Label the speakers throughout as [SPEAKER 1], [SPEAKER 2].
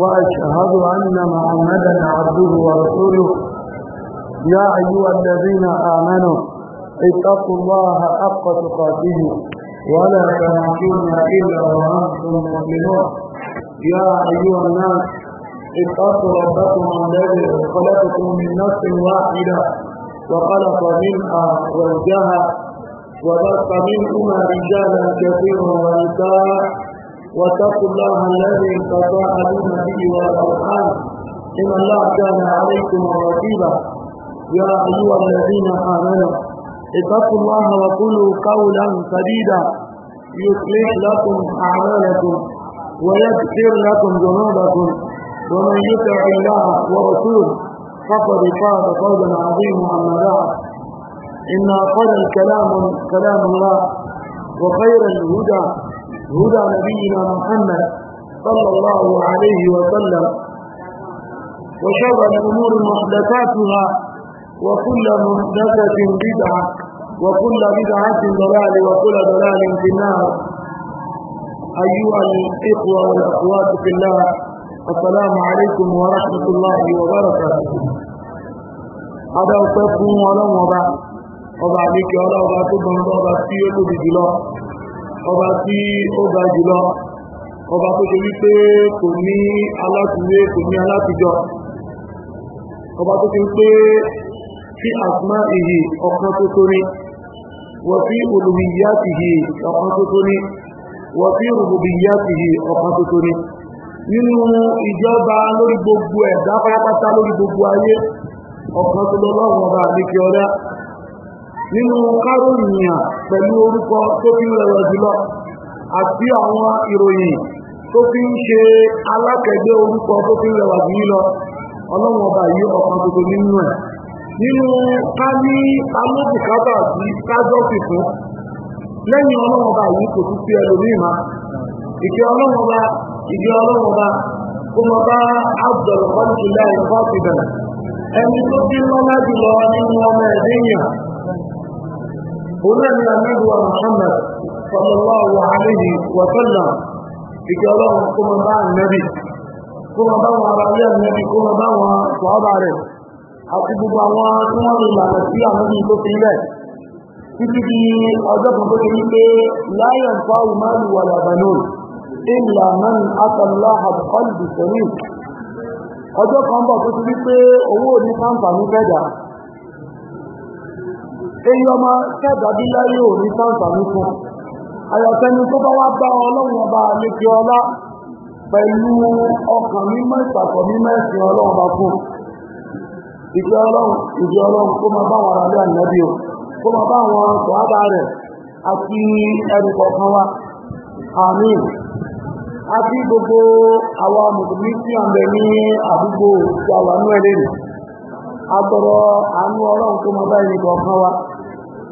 [SPEAKER 1] وأشهد أن محمدا عبده ورسوله يا أيها الذين آمنوا اتقوا الله حق تقاته ولا تموتن إلا وأنتم مؤمنون يا أيها الناس اتقوا ربكم الذي خلقكم من نفس واحدة وخلق منها زوجها وبث منهما رجالا كثيرا ونساء واتقوا الله الذي تطاعون به والأرحام إن الله كان عليكم رقيبا يا أيها الذين آمنوا اتقوا الله وقولوا قولا سديدا يصلح لكم أعمالكم ويغفر لكم ذنوبكم ومن يطع الله ورسوله فقد فاز فوزا عظيما أما بعد إن أقل الكلام كلام الله وخير الهدى هدى نبينا محمد صلى الله عليه وسلم وشر الأمور محدثاتها وكل محدثة بدعة وكل بدعة ضلال وكل ضلال في النار أيها الإخوة والأخوات في الله السلام عليكم ورحمة الله وبركاته هذا أصدقكم ولم وبعد وبعدك
[SPEAKER 2] ولا وبعد بندو وبعد في يلو بجلال ọba tí ó ga jùlọ ọba tó ṣe wípé kò ní alátúwé kò ní alátijọ́ ọba tó ṣe wípé fi àtúmá ìyí ọ̀kan tó torí wọ́n fi olùmìyà ti yí ọ̀kan tó torí wọ́n fi olùmìyà ti yí ọ̀kan tó torí nínú ìjọba lórí gbogbo ẹ̀dá pátápátá lórí gbogbo ayé ọ̀kan tó lọ́wọ́ ọba àdékẹ́ ọ̀dá nínú káròyìnyàn pẹ̀lú orúkọ tó fi rẹ̀rẹ̀ jùlọ àti àwọn ìròyìn tó fi ń ṣe alákẹ̀gbẹ́ orúkọ tó fi rẹwà jù lọ ọlọ́run ọba yìí ọ̀kan gbogbo nínú ẹ̀ nínú ká ní sí lẹ́yìn ọlọ́run ọba yìí kò tún sí ẹlòmíì má ọlọ́run ọba ìdí ọlọ́run ọba kó bá ẹ̀kọ́ tó nínú ọmọ هنا من محمد صلى الله عليه وسلم ìjọba wọn kó máa bá ànábì kó máa bá wọn aráalé ànábì kó máa bá wọn sọ́ọ́bà rẹ̀ àti gbogbo àwọn tí wọ́n lè lànà sí ànábì tó fi lẹ̀ títí di ọjọ́ kan tó ti ní pé láyọ̀ ń fa wà làbànú ìlà man atàlá àbùkọ́lù sẹ́yìn ọjọ́ kan bọ̀ tó ti ní pé owó ní sáǹfà ní fẹ́dà èyí ọmọ sẹ́ẹ̀dàbí láyé ò ní sáǹfààní fún àyàfẹ́ni tó bá wá bá ọlọ́run ọba àlejò ọlá pẹ̀lú ọkàn mímọ́ ìpàkọ̀ mímọ́ ẹ̀sìn ọlọ́run ọba fún ìjọ ọlọ́run ìjọ ọlọ́run kó máa bá àwọn aráàlú ànábì o kó máa bá àwọn sọ̀hábà rẹ̀ àti ẹnì kọ̀ọ̀kan wa àmín àti gbogbo àwa mùsùlùmí tí a ń bẹ ní àdúgbò tí a wà ní ẹlẹ́rìí àtọ̀rọ̀ àánú ọlọ́run kó máa bá ẹnì kọ̀ọ̀kan wa.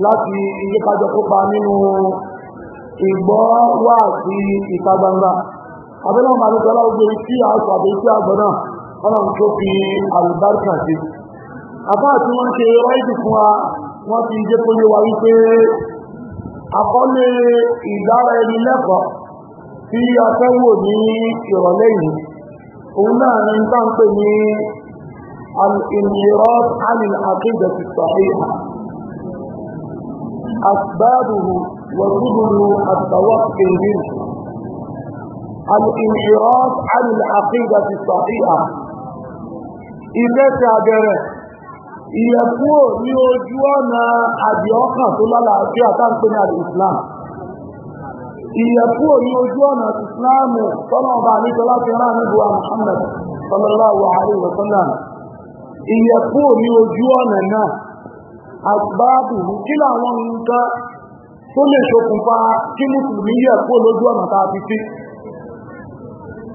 [SPEAKER 2] láti ìyíkájọ kópa nínú ìgbọ́ wà sí ìta gbangba. tí a sọ àbẹ̀ tí a gbọ́ náà, ọlọ́run tó fi àlùbáríkà sí. fún wa, wọ́n ti jẹ́ kó yé wa wípé àkọlé ìdára ẹni lẹ́kọ̀ọ́ tí a fẹ́ wò ní ìrọ̀lẹ́ yìí. Òun náà أسبابه وسبل التوقي منه الانحراف عن العقيدة الصحيحة إذا تعبرت ìyẹ̀kúrò ní ojú ọ̀nà àdìọ́kàn tó lálàáfíà táǹpé ní àdì islam ìyẹ̀kúrò ní ojú ọ̀nà islam tọ́nà ọba nítorí láti rán níbuwa muhammad sallallahu alaihi wasallam ìyẹ̀kúrò ní ojú ọ̀nà náà àgbáàbù kí làwọn nǹkan tó lè ṣokùnfà kí mùsùlùmí yẹ̀ kó lójú ọ̀nà tá a fi sí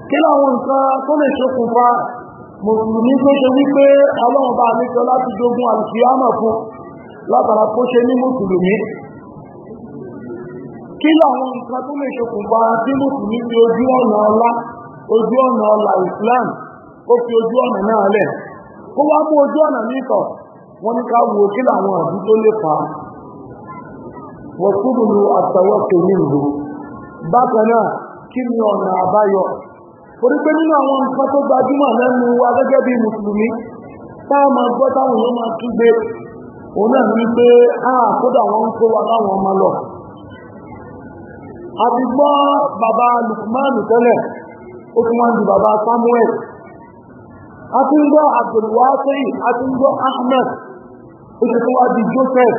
[SPEAKER 2] kí làwọn nǹkan tó lè ṣokùnfà mùsùlùmí tó ṣe wípé ọlọ́run bá àlejò láti jogún àlùfíàmọ̀ fún látara kó ṣe ní mùsùlùmí kí làwọn nǹkan tó lè ṣokùnfà tí mùsùlùmí fi ojú ọ̀nà ọlá ojú ọ̀nà ọlà Islam ó fi ojú ọ̀nà náà lẹ̀ kó wá mú ojú ọ̀nà nítọ̀ wọ́n ní ká wo kí làwọn àbí tó lè fa wọ́n kúrò lu àtàwọ́tò nílùú bákan náà kí ni ọ̀nà àbáyọ torí pé nínú àwọn nǹkan tó gbajúmọ̀ lẹ́nu wa gẹ́gẹ́ bí mùsùlùmí táwọn máa gbọ́ táwọn èèyàn máa òun náà ní pé àkódà wọn ń kó wa láwọn ọmọ lọ àti gbọ́ bàbá Lukmanu tẹ́lẹ̀ ó tún wọ́n di bàbá Samuel a ti ń gbọ́ Abdulwasi a ti ń gbọ́ Ahmed ó ṣe tó wá di Joseph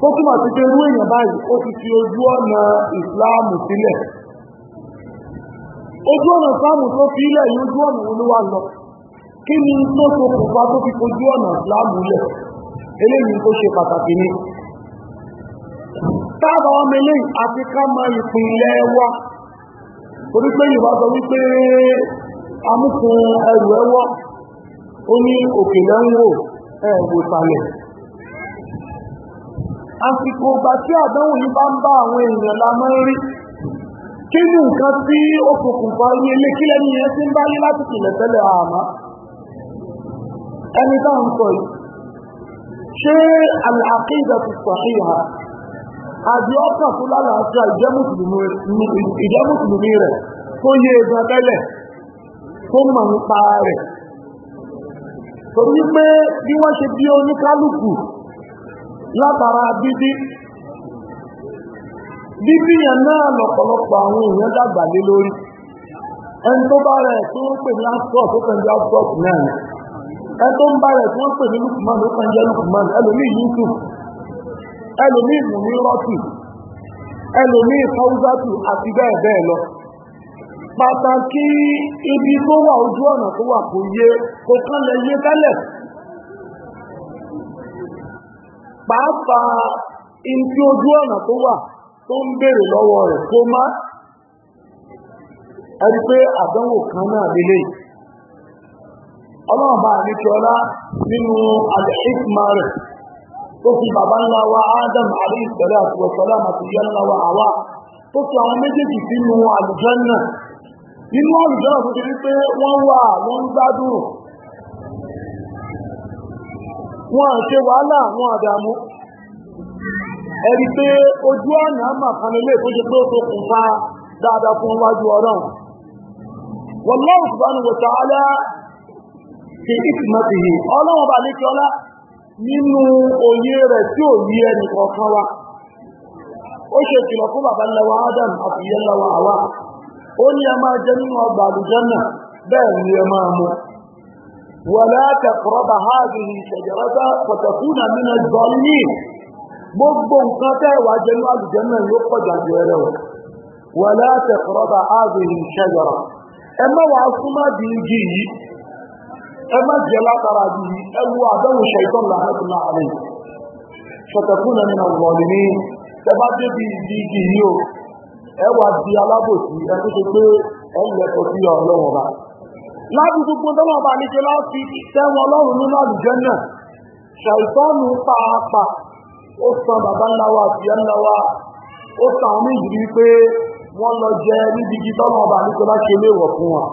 [SPEAKER 2] tó túmọ̀ ti pé irú èèyàn báyìí ó ti fi ojú ọ̀nà ìsìláàmù sílẹ̀ ojú ọ̀nà ìsìláàmù tó fi ilẹ̀ yìí ojú ọ̀nà olúwa lọ kí ni tó ṣokùnfà tó fi ojú ọ̀nà ìsìláàmù lẹ̀ eléyìí tó ṣe pàtàkì ni táàbà ọmọ eléyìí àti ká mọ ìpínlẹ̀ wa torí pé Yorùbá sọ wípé amúkun ẹrù ẹwọ́ ó ní òkèlè ń wò
[SPEAKER 1] ẹ̀wòsàlẹ̀.
[SPEAKER 2] àsìkò ìgbà tí àdánwò yìí bá ń bá àwọn èèyàn la máa ń rí kí nǹkan tí ó ṣokùnfà ní ilé kí lẹ́nu yẹn ti ń bá yí láti kìlẹ̀ tẹ́lẹ̀ àmọ́ ẹni tá ń sọ yìí ṣé àlàkídà ti sàhíhà àjọ ọkàn tó e lálàáfíà torí pé bí wọ́n ṣe bí oníkálùkù látara bíbí bíbí yẹn náà lọ̀pọ̀lọpọ̀ àwọn èèyàn dàgbà lé lórí ẹni tó bá rẹ̀ tí wọ́n pè ní asọ́ọ̀ tó kàn jẹ́ asọ́ọ̀ náà ni ẹni tó ń bá rẹ̀ tí wọ́n pè ní lukuman tó kàn jẹ́ lukuman ẹlòmíì yusuf ẹlòmíì mùmí rọ́tù ẹlòmíì fáwùzátù àti bẹ́ẹ̀ bẹ́ẹ̀ lọ. pàtàkì ibi tó wà ojú ọ̀nà tó wà kò yé kò kánlẹ̀ yé tẹ́lẹ̀ pàápàá ibi ojú ọ̀nà tó wà tó ń bèèrè lọ́wọ́ rẹ̀ tó má ẹni pé àdánwò kan náà lélẹ̀ ọlọ́run bá àníkẹ́ ọlá nínú àlẹ́hìkmá rẹ̀ tó fi bàbá ńlá wa Adam nínú àwùjọ ọ̀rọ̀ ti rí pé wọ́n wà wọ́n ń gbádùn wọn àṣẹ wàhálà àwọn àdàmú ẹ̀rí pé ojú ọ̀nà àmàkanilé tó ṣe pé ó tókùn fa dáadáa fún wájú ọ̀rọ̀ Wallahu subhanahu wa ta'ala fi hikmatihi ọlọ́run bá lékẹ́ ọlá nínú òye rẹ̀ tí ò yí ẹnì kọ̀ọ̀kan wa ó ṣe kìlọ̀ fún bàbá ńlá Adam àti ìyá àwa ó ní ẹ máa jẹ nínú ọgbà àlùjànnà bẹ́ẹ̀ ni ẹ máa mu wàlá taqrabu hadhihi shajarata fatakuna min adh-dhalimin gbogbo nǹkan tẹ́ wàá jẹ nínú àlùjànnà yóò kọjá jẹ rẹ o wàlá taqrabu hadhihi shajara ẹ má wàá súnmọ́ di igi yìí ẹ má jẹ látara di yìí ẹ wo ẹ wà di alábòsí ẹ tó ṣe pé ẹ lẹ́kọ̀ọ́ sí ọlọ́wọ́n bá. láti gbogbo tọ́lọ́ bá ní ṣe láti tẹ́wọ̀n ọlọ́run nínú àlùjẹ́ náà ṣàìtọ́nù pàápàá ó san bàbá ńlá wa àti ẹ̀ńlá wa ó san àwọn méjì pé wọ́n lọ jẹ níbi igi tọ́lọ́ ọba nítorí ṣe léèwọ̀ fún wa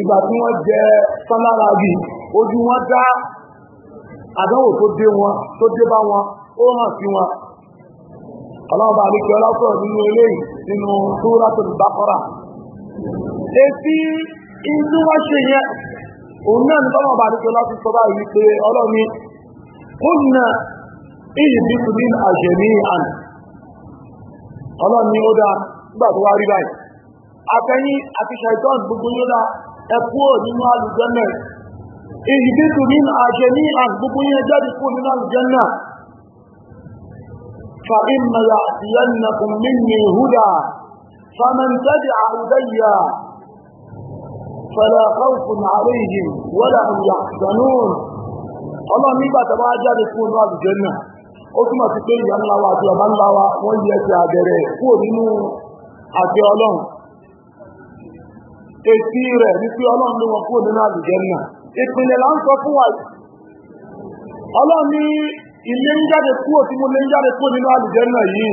[SPEAKER 2] ìgbà tí wọ́n jẹ sọ́lára bíi ojú wọn dá àdánwò tó dé wọn tó dé bá wọn ó hàn sí wọn ọlọ́ọ̀bá àríkẹ́ ọlọ́pọ̀ nínú eléyìí nínú Suratul Baqara etí inú wá ṣe yẹn òun náà ní ọlọ́ọ̀bá àríkẹ́ ọlọ́pọ̀ sọ báyìí pé ọlọ́ni kúnnà ìyìnbíkù ní àṣẹ̀mí àn ọlọ́ni ó dáa nígbà tó wá rí báyìí àtẹ̀yìn àti ṣàìtọ́n gbogbo yóò dá ẹkú nínú àlùjànnà ìyìnbíkù ní àṣẹ̀mí àn gbogbo yẹn jáde kú nínú àlùjànnà فإما يأتينكم مني هدى فمن تبع هدي فلا خوف عليهم ولا هم يحزنون الله nígbà tí a bá jáde fún inú àbùjẹ́ náà ó túnmọ̀ sí pé ìyá ńlá wa àti ọba ńlá wa wọ́n yẹ ti àbẹ̀rẹ̀ kúrò nínú àti ọlọ́run èsì rẹ̀ ní pé ọlọ́run ló wọn kúrò nínú àbùjẹ́ náà ìpìlẹ̀ là ń sọ fún wa ọlọ́run ní ilé ń jáde kúrò tí mo lé ń jáde kúrò nínú àlùjẹ́nà yìí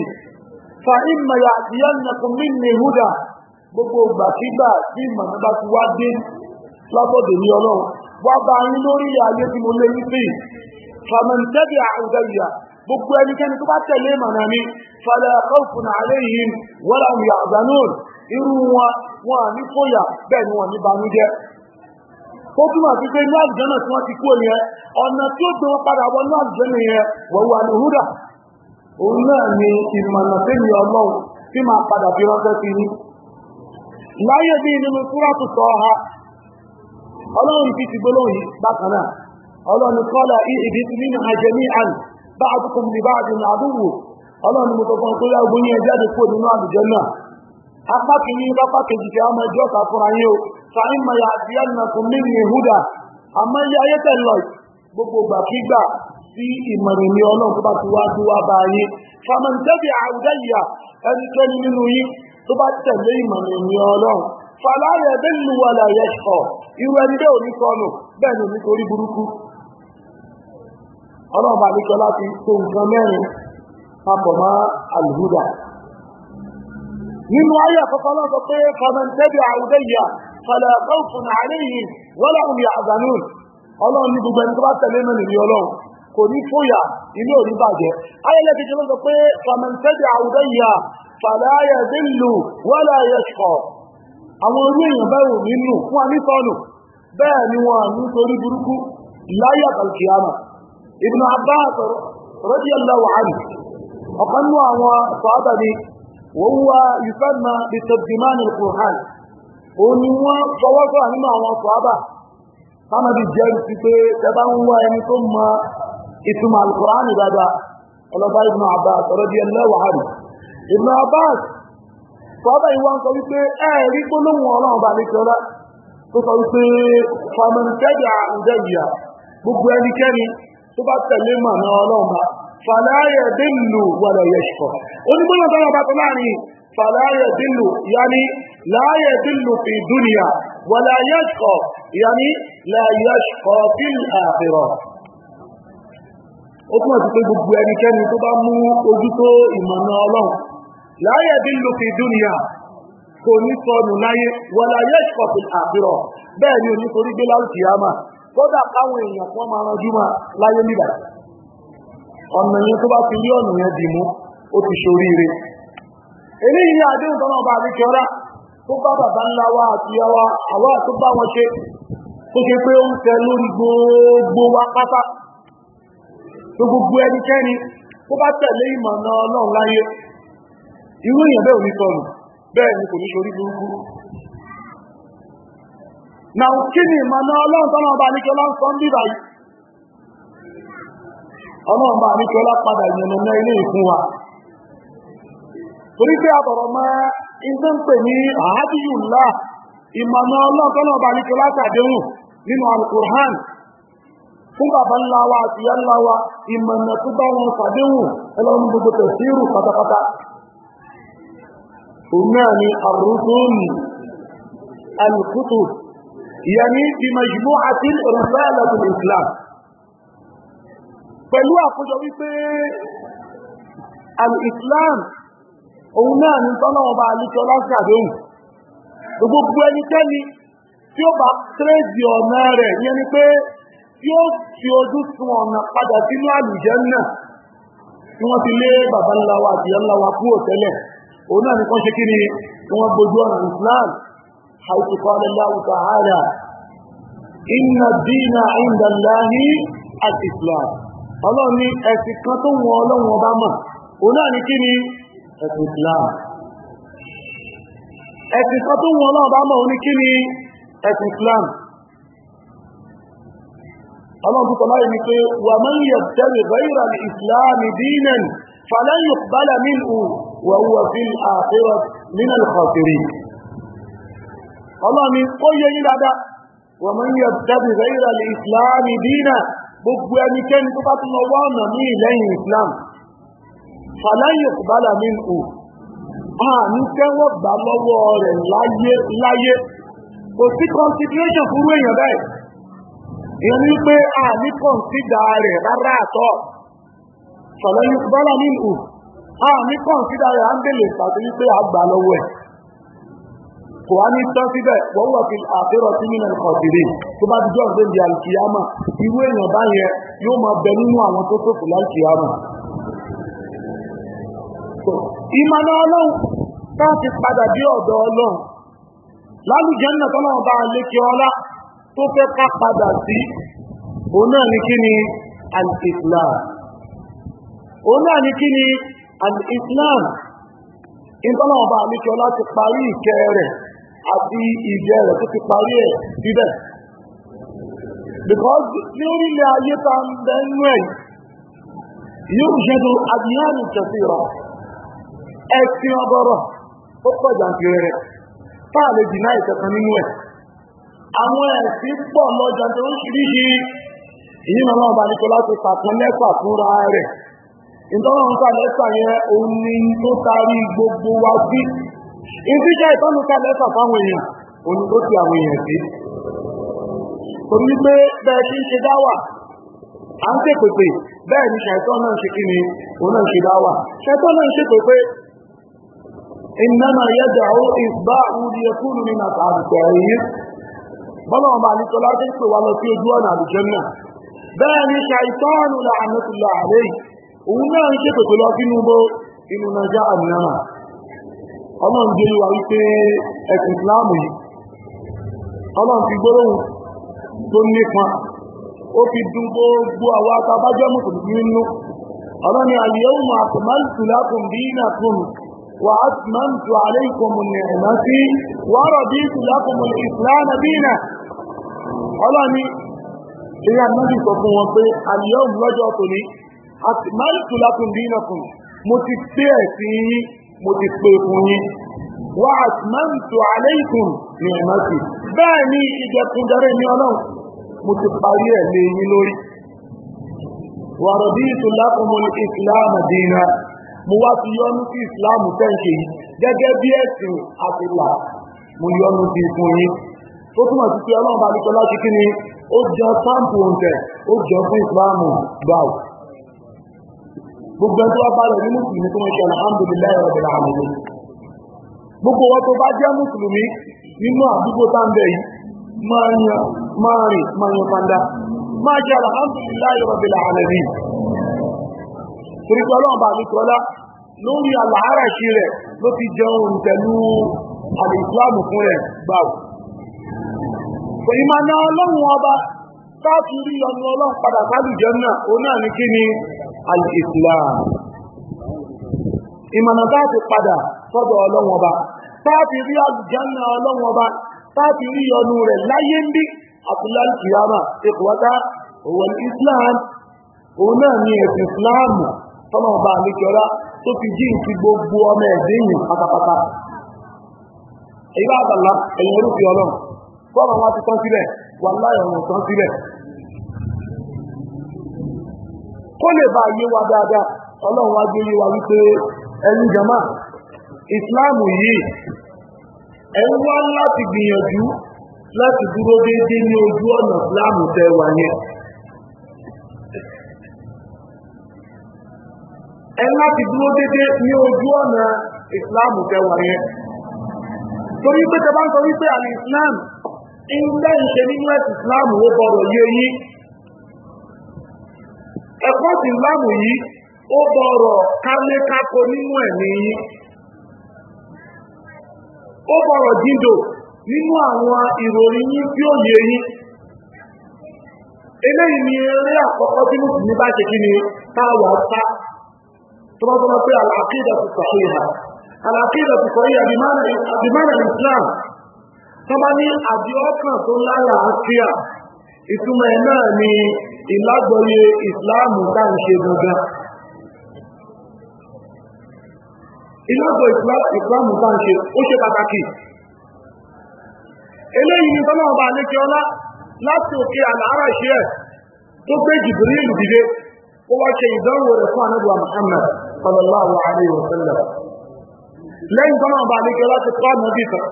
[SPEAKER 2] fa ìmọ̀ ya ìyáǹnàkùn mí ní húdà gbogbo ìgbàkigbà tí ìmọ̀nà bá ti wá dé látọ̀dọ̀ ní ọlọ́run wá bá yín lórí ayé tí mo lé yín sí fàmẹ́ntẹ́bì àrùdáyà gbogbo ẹnikẹ́ni tó bá tẹ̀lé ìmọ̀nà mi fàlẹ́ ọ̀fùn àléyìn wọ́n làwọn yàgbánú irú wọn wọn à ní fòyà bẹ́ẹ̀ ni wọn ní banújẹ́ ó túmọ̀ sí pé inú àlùjànnà tí wọ́n ti kú yẹn ọ̀nà tí ó gbé wọn padà wọ inú àlùjànnà yẹn wọ̀wọ̀ àlùhúdà òun náà ni ìmọ̀nà tẹ́lẹ̀ ọlọ́run tí máa padà fi ránṣẹ́ sí ní láyé bí nínú súrátù Tọ́ha ọlọ́run ti ti gbólóhùn yìí bákan náà ọlọ́run kọ́lá ìdí tí nínú àjẹmí àn bá àdúkùn ní bá àdùn àdúgbò ọlọ́run mo tọ́kàn tó yá ogun yẹn jáde kúrò nínú àlùjànnà apá kìíní bá pàkejì kí a máa jọ́ta fúnra yín o fàáìmọ̀ yà àti ànàkùn nínú ìhúdà àmọ́ yà ayé tẹ̀lọ̀ gbogbo gbàkígbà sí ìmọ̀ràn ní ọlọ́run tó bá ti wá sí wá bá yín fàmọ̀ntẹ́bì àwùjá ìyà ẹnikẹ́ni nínú yín tó bá tẹ̀lé ìmọ̀ràn ní ọlọ́run fàlàyé bẹ́ẹ̀lú wà láyé ọ̀ irú ẹni bẹ́ẹ̀ ò sọnù bẹ́ẹ̀ ni nítorí burúkú ọlọ́run bá níjọ láti tó nǹkan mẹ́rin papọ̀ mọ́ àlùhúdà nínú ayé àkọ́kọ́ náà sọ pé fàmọ̀ntẹ́bì àwùjá ìyà فلا خوف عليهم ولا هم يحزنون ọlọ́run ní gbogbo ẹni tó bá tẹ̀lé mẹ́rin ní ọlọ́run kò ní fòyà inú òní bàjẹ́ ayẹlẹ́ kejì ló sọ pé fàmẹ́ntẹ́dẹ̀ àwùjọ ìyá fàlàyé délù wọ́lá yẹ̀ṣọ̀ àwọn orí èèyàn bẹ́ẹ̀ ò nínú fún anítọ́nù bẹ́ẹ̀ ni wọn nítorí burúkú láyà kàlùkìyàmà ibùdó Abbas radiyallahu anhu ọ̀kan nú àwọn sọ́ádà ni wọ́n wá yusanna bi tarjumani al-Qur'an òun ni wọ́n fọwọ́fà nínú àwọn sọ́ábà sámẹ́bí jẹ́rìí sí pé ẹbá ń wá ẹni tó mọ ìtumọ̀ alukùránì dáadáa ọlọ́ba Ibn Abbas ọ̀rọ̀ díẹ̀ lẹ́wàárì Ibn Abbas sọ́ábà yìí wá ń sọ wípé ẹ rí gbólóhùn ọlọ́run bá nítorí tó sọ wípé gbogbo ẹnikẹ́ni tó bá tẹ̀lé wàlẹ̀ yẹ̀ṣọ̀ tó فلا يدل يعني لا يدل في الدنيا ولا يشقى يعني لا يشقى في الآخرة ó túnmọ̀ sí pé gbogbo ẹnikẹ́ni tó bá mú ojú tó ìmọ̀nà ọlọ́run la yadillu fi dunya kò ní sọnù láyé wala yashqa fil akhirah bẹ́ẹ̀ ni onítorí gbé láwùjọ yàmà kódà káwọn èèyàn kan máa ranjú máa láyé nígbà ọ̀nà yẹn tó bá fi rí ọ̀nà yẹn dì mú ó ti ṣoríire eléyìí ni àdéhùn tọ́nà ọba àbíkẹ́ tó bá bàbá ńlá wa àti yàwá àwa wọn ṣe tó pé ó ń tẹ lórí gbogbo wa pátá tó gbogbo ẹnikẹ́ni tó bá tẹ̀lé ìmọ̀nà ọlọ́run láyé irú èèyàn bẹ́ẹ̀ ò sọnù bẹ́ẹ̀ ni kò ní na kí ni ọba ọlá ń sọ ń ọlọ́run bá ọlá torí pé àbọ̀rọ̀ mọ́ iṣẹ́ ń pè ní àádìyùnlá ìmọ̀nà ọlọ́tọ́nà ọba ní kíláàsì àdéhùn nínú alukurhan fún bàbá ńlá wa àti ìyá ńlá wa ìmọ̀nà tó bá wọn sàdéhùn ẹlọ́run gbogbo tẹ̀síìrù pátápátá òun náà ni àrùsùn alùkùtù ìyẹnì ìmọ̀jùmọ́ àti ìrọ̀lẹ́ ẹlẹ́dùn islam pẹ̀lú àkójọ wípé alìslam òun náà ní ọba bá alíkẹ́ ọlásàdéhùn gbogbo ẹnikẹ́ni tí ó bá tírèdì ọ̀nà rẹ̀ nye ni pé tí ó fi ojú sun ọ̀nà padà sínú àlùjẹ́ náà tí wọ́n ti lé bàbá ńlá wa àti ìyá ńlá wa kúrò tẹ́lẹ̀ òun náà ní ṣe kí ni wọ́n gbójú ọ̀nà Islam kan tó wọn ọlọ́run ọba mọ̀ òun náà ẹ̀sìn Islam ẹ̀sìn kan tó wọn náà bá mọ̀ ní kí ni ẹ̀sìn Islam ọlọ́run tó láyé ní pé wà man yabtaghi ghayra al-Islam dinan falan yuqbala minhu wa huwa fil akhirati min al yẹ yí dáadáa wà islam dinan gbogbo ẹnikẹ́ni tó bá wọ́n ọ̀nà ní fàlàyé ìbálà mi hù a ní tẹ́wọ́ gbà lọ́wọ́ rẹ̀ láyé láyé kò sí consideration èèyàn bẹ́ẹ̀ pé rẹ̀ rárá àtọ̀ fàlàyé mi rẹ̀ pàtó wípé a gbà lọ́wọ́ ẹ̀ kò ní tán síbẹ̀ wọ́n àfihàn sí nínú tó bá ọ̀gbẹ́ni àlùkìyàmà irú èèyàn ìmọ̀nà ọlọ́run káàkiri padà bí ọ̀dọ̀ ọlọ́run lálùjẹ́nà tọ́lọ́run bá lékè ọlá tó fẹ́ ká padà sí òun ni al-islam òun náà ní ni al-islam ìtọ́lọ́run bá lékè ọlá ti parí ìkẹ́ rẹ̀ àti ìjẹ́ rẹ̀ tó ti parí ẹ̀ síbẹ̀ because ní orílẹ̀ ayé ta ń bẹ́ẹ̀ nú ẹ̀ yóò ṣẹ́dùn àdìyàn ìtẹ̀síra ẹ̀sìn ọgọrọ ó pọ̀ jàǹkiri rẹ̀ táà lè dìná ìtẹ̀kan nínú ẹ̀ àwọn ẹ̀sìn pọ̀ lọ jàǹkiri oríṣiríṣi èyí náà náà bá ní láti sàkún lẹ́fà fúnra rẹ̀ ìtọ́nà ń kà lẹ́fà yẹn òun ni tó gbogbo wa lẹ́fà fáwọn èèyàn òun ló ti àwọn èèyàn sí torí pé bẹ́ẹ̀ ń ṣe à ń ni ṣàìtọ́ náà ṣe kí ni òun náà إنما يدعو إتباعه ليكون من أصحاب السعير بلغ ما عليك لا تنسوا ولا في جوانا بالجنة بان شيطان لعنة الله عليه وما انشك تلاقين بو إن نجاء النما ọlọ́run jẹ́ ìwà wípé ẹ̀sìn ìsìláàmù yìí ọlọ́run fi gbólóhùn tó nípa ó fi dún gbogbo àwọn atabájọ́ mùsùlùmí nínú ọlọ́run àyẹ̀wò àtìmáìsì lákùn bí ìnàkùn وأتممت عليكم النعمة ورضيت لكم الإسلام دينا ọlọ́ni ilé ànábì sọ fún wọn pé àníyàn lọ́jọ́ tó ní àtìmáìtù lákùn dínàkùn mo ti pé ẹ̀sìn yín mo ti pé fún yín wà àtìmáìtù aláìkùn ní ẹ̀mọ́sì bẹ́ẹ̀ ni ìjẹkúnjẹrẹ ní ọlọ́run mo ti parí ẹ̀ lé yín lórí wà rọ̀bí ìtùlákùn mo ní ìsìlámù dínàkùn mo wá fi yọ́nú sí ìsìláàmù tẹ́ǹṣe yìí gẹ́gẹ́ bí ẹ̀sìn àtìlà mo yọ́nú sí fún yín tó túmọ̀ sí pé ọlọ́run bá nítorí láti kí ni ó jọ sáǹpù oúnjẹ ó jọ fún ìsìláàmù gbáù gbogbo ẹjọ́ bá rẹ̀ ní mùsùlùmí tó ń ṣe alhamdulillah rabbil alamin gbogbo wọn tó bá jẹ́ mùsùlùmí nínú àdúgbò táǹbẹ̀ yìí máa yan máa rìn máa yan kanda máa ṣe alhamdulillah rabbil alamin torí pé ọlọ́run bá nítorí lórí àlàárẹ̀ṣí rẹ̀ ló ti jẹun pẹ̀lú àlìsílámù fún rẹ̀ gbàù. ìmọ̀nà ọlọ́run ọba káàkiri ọ̀nà ọlọ́run padà sálùjẹ́ náà òun náà ní kí ni alìsílámù. ìmọ̀nà káàkiri padà sọ́dọ̀ ọlọ́run ọba káàkiri àlùjánà ọlọ́run ọba káàkiri ọ̀nù rẹ̀ láyé ń bí àtúláì kìyàmà ìkùwátá òwò ìsìlámù òun náà ní ẹ̀sìn ìsìlámù tọ́lọ́ọ̀bá àlejò tó fi jí ìfi gbogbo ọmọ ẹ̀dẹ́ yìí pátápátá èyí àgbàlá ẹ̀yìn orúkẹ ọlọ́run bọ́ọ̀mù wọn ti tán sílẹ̀ wà láì ọ̀run tán sílẹ̀ kó lè bá yé wa dáadáa ọlọ́run wá gbé yé wa wípé ẹ̀yin jama ìsìláàmù yìí ẹ̀ wá láti gbìyànjú láti dúró déédéé ní ojú ọ̀nà ìsìláàmù tẹ́ wà yẹn ẹ láti dúró dédé ní ojú ọ̀nà ìsìláàmù tẹwàá yẹn torí pé tẹ bá ń sọ wípé àlè ìsìláàmù nínú ẹ̀sìn ìsìláàmù ó gbọdọ̀ yé yín ẹ̀kọ́ kálékáko nínú ó gbọdọ̀ jíndò àwọn ìròyìn yín tí ó yé yín eléyìí ni eré àkọ́kọ́ tí ثم تقول العقيدة الصحيحة العقيدة الصحيحة بمعنى بمعنى الإسلام طبعا أديوكا تقول العقيدة ìtumọ̀ ẹ̀ náà ni ìlágbọ̀ye ìsìláàmù tá ń ṣe gangan ìlágbọ̀ ìsìláàmù tá ń ṣe ó ṣe pàtàkì eléyìí ni tọ́lọ́ ọba àlékẹ́ ọlá láti òkè àlàárà ṣe ẹ̀ tó gbé jìbìrì ìdìde ó wá ṣe ìdánwò rẹ̀ fún anábùwà Muhammad sallallahu alayhi wa sallam lẹ́yìn tọ́lọ́ ọba àlejò láti kọ́ ànábì tán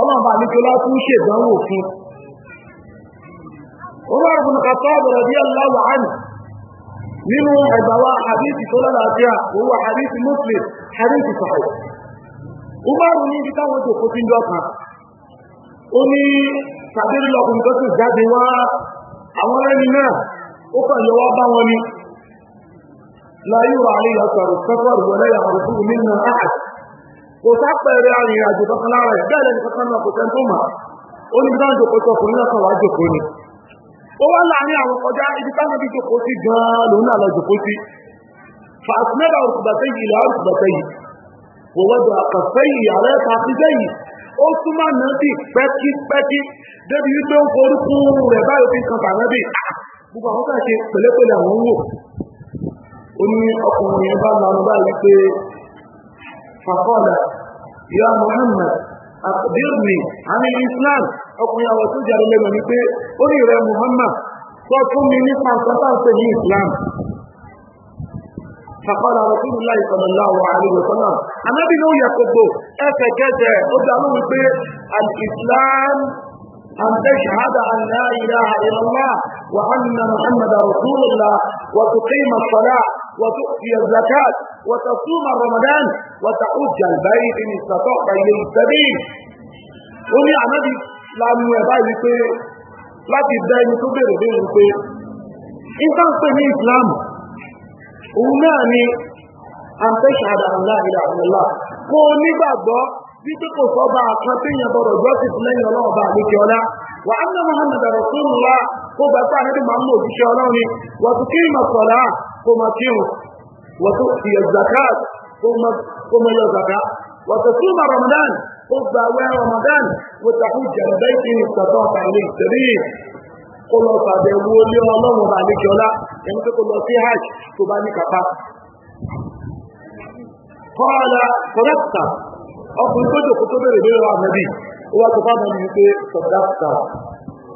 [SPEAKER 2] ọlọ́ọ̀bà àlejò láti ń ṣèdánwò fún Umar ibn Khattab radiyallahu anhu nínú ẹ̀gbàwá hadithi tó lálàáfíà owó hadithi Muslim hadithi sahih Umar ní ibi táwọn tó kótó ń jọ kan ó ní sàdérí lọkùnrin tó sì jáde wá àwọn ẹni náà ó kàn yọ wá bá wọn ni لا يرى عليه أثر السفر ولا يعرفه منا أحد وتعبر يعني يا جبا خلاوة قال لك كما قلت أنتما قولي بدان جو قلت وقلنا لك واجه قولي وقال يعني يا وقجا إذا كان بي جو قلتي قال هنا على جو قلتي فأسند ركبتيه إلى ركبتيه ووضع كفيه على كعبتيه أسمع نبي بكي بكي دبي يتوم فوركو ربا يتوم كفا نبي بقى هو كاشي فلقوا له ó ní ọkùnrin yẹn bá lọ báyìí pé fàkọ́ọ̀dà ya Muhammad àbírni àmì Islam ọkùnrin àwọn tó jáde lẹ́nu ni pé ó ní rẹ Muhammad sọ fún mi nípa nǹkan tá à ń pè ní Islam fàkọ́ọ̀dà Rasulullahi sallallahu alaihi wasallam anábì ní ó yẹ gbogbo ẹsẹ̀kẹsẹ̀ ó dá lóhùn pé al-Islam أن تشهد أن لا إله إلا الله وأن محمد رسول الله وتقيم الصلاة وتؤتي الزكاة وتصوم رمضان وتحج البيت إن استطعت إليه سبيل oní ànábì lanu ẹ̀ báyìí pé láti dá ẹni tó bèrè bèrè pé nǹkan pè ní Islam òun náà ni àǹtẹ̀ṣàdà ńlá ìlà àmìlá kó o nígbàgbọ́ bí pé kò sọ bá àkan téèyàn bọ̀rọ̀ jọ́sìn lẹ́yìn ọlọ́run bá àlékè ọlá wà á ná Muhammad rasulullah kó gbàgbọ́ ànábì máa ń mú òṣìṣẹ́ ọlọ́run wà tún kí ìmọ̀ sọ̀rọ̀ kó máa kírun wọ́n tó fi zakat kó máa yọ zakat wọ́n tó súnmọ́ Ramadan kó gba àwẹ̀ Ramadan wọ́n tàkú jẹ̀rẹ̀dẹ́ ìkíni ìtọ́tọ́ àtàlẹ́ ìtẹ̀lẹ́ kó lọ sàbẹ̀wò ilé ọlọ́run ọba àlejòọlá ẹni tó kó lọ sí hajj tó bá ní kápá. kọ́ọ̀lá kọ́dọ́kítà ọkùnrin tó jòkó tó bèrè bèrè wà nẹ́bí ó wá tó fáwọn ẹni pé kọ́dọ́kítà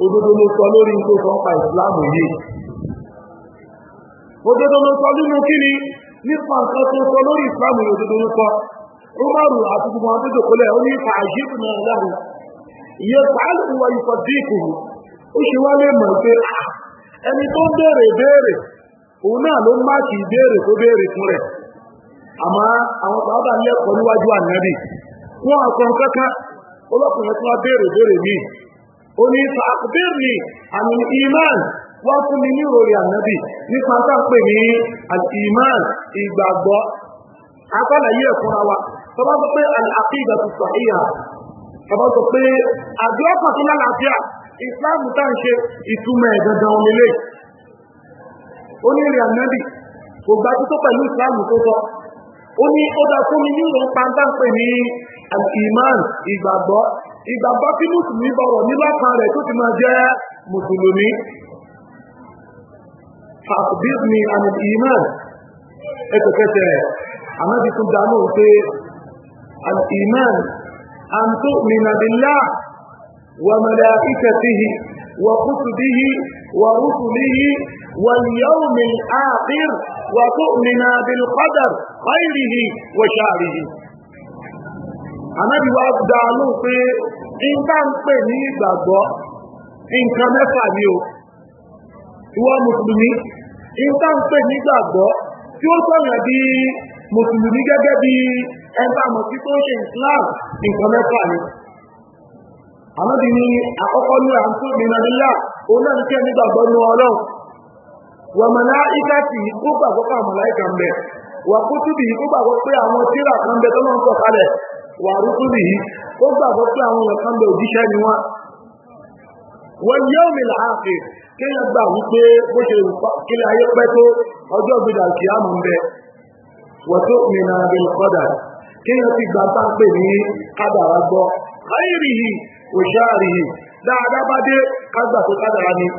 [SPEAKER 2] òdodo ló sọ lórí tó sọ ń yìí òdodo ló sọ nínú kíni nípa nǹkan tó sọ lórí ìsìlámù òdodo àti gbogbo ó ní náà ìfọ̀ díìkù ó ṣe wá lè mọ̀ pé ah, ẹni tó béèrè béèrè òun náà ló má kì í béèrè tó béèrè fún rẹ̀ àmọ́ àwọn bàbá ní ẹ̀kọ́ níwájú ànábì wọn àkọ́ kankan béèrè béèrè ó wá fún mi ní ìròyìn ànábì nípa sáàpè ní ìmáàn ìgbàgbọ́ akọ́làyé ẹ̀fúnra wa tọ́bá sọ pé àkídà ti sọ ìyà tọ́bá sọ pé àdúrà pàtó lálàáfíà ìsìláàmù tá ń ṣe ìtumọ̀ ẹ̀gangan onílé ó ní ìrìn ànábì kò gba títọ́ pẹ̀lú ìsìláàmù tó sọ ó ní ó dá fún mi ní ìròyìn pàǹtàǹpè ní ìmáàn ìgbàgbọ́ ìgbàgbọ́ tí mùsùlùmí bọ̀rọ̀ nílọ́kàn rẹ̀ tó ti máa jẹ́ mùsùlùmí fàkùbírni àmì ìmán ẹ̀kọ̀kẹ́tẹ̀ rẹ̀ àmọ́bí tún dánú pé àmì ìmán àǹtó mìnàbílá wà màláìkàtíhì wà kútùbíhì wà rúsùlíhì wà yọ́ọ̀mì ààbír wà tó mìnàbílkọ́dàr kọ́ìrìhì wà ṣàrìhì àmọ́bí wá dánú pé nǹkan pè ní ìgbàgbọ́ nǹkan mẹ́fà ni o ìwọ mùsùlùmí ìta ń pè nígbàgbọ́ tí ó sọ̀rọ̀ bí mùsùlùmí gẹ́gẹ́ bí ẹgbà mọ̀sí tó ṣe islam nǹkan mẹ́fà ni ni àkọ́kọ́ ní àǹtó mìnàdílà onáníkẹ́ nígbàgbọ́ ní ọlọ́run wà mọ̀lá ó gbàgbọ́ pé àmọ̀lá ń wà ó gbàgbọ́ pé àwọn tíra kan bẹ ń sọ̀kalẹ̀ واليوم العاقب كي يبدأ وكي وكي كي لا يقبته أجو بدا القيامة به وتؤمن بالقدر كي يبدأ تنقبه قدر الله خيره وشاره لا عدبه قدر قدر عنه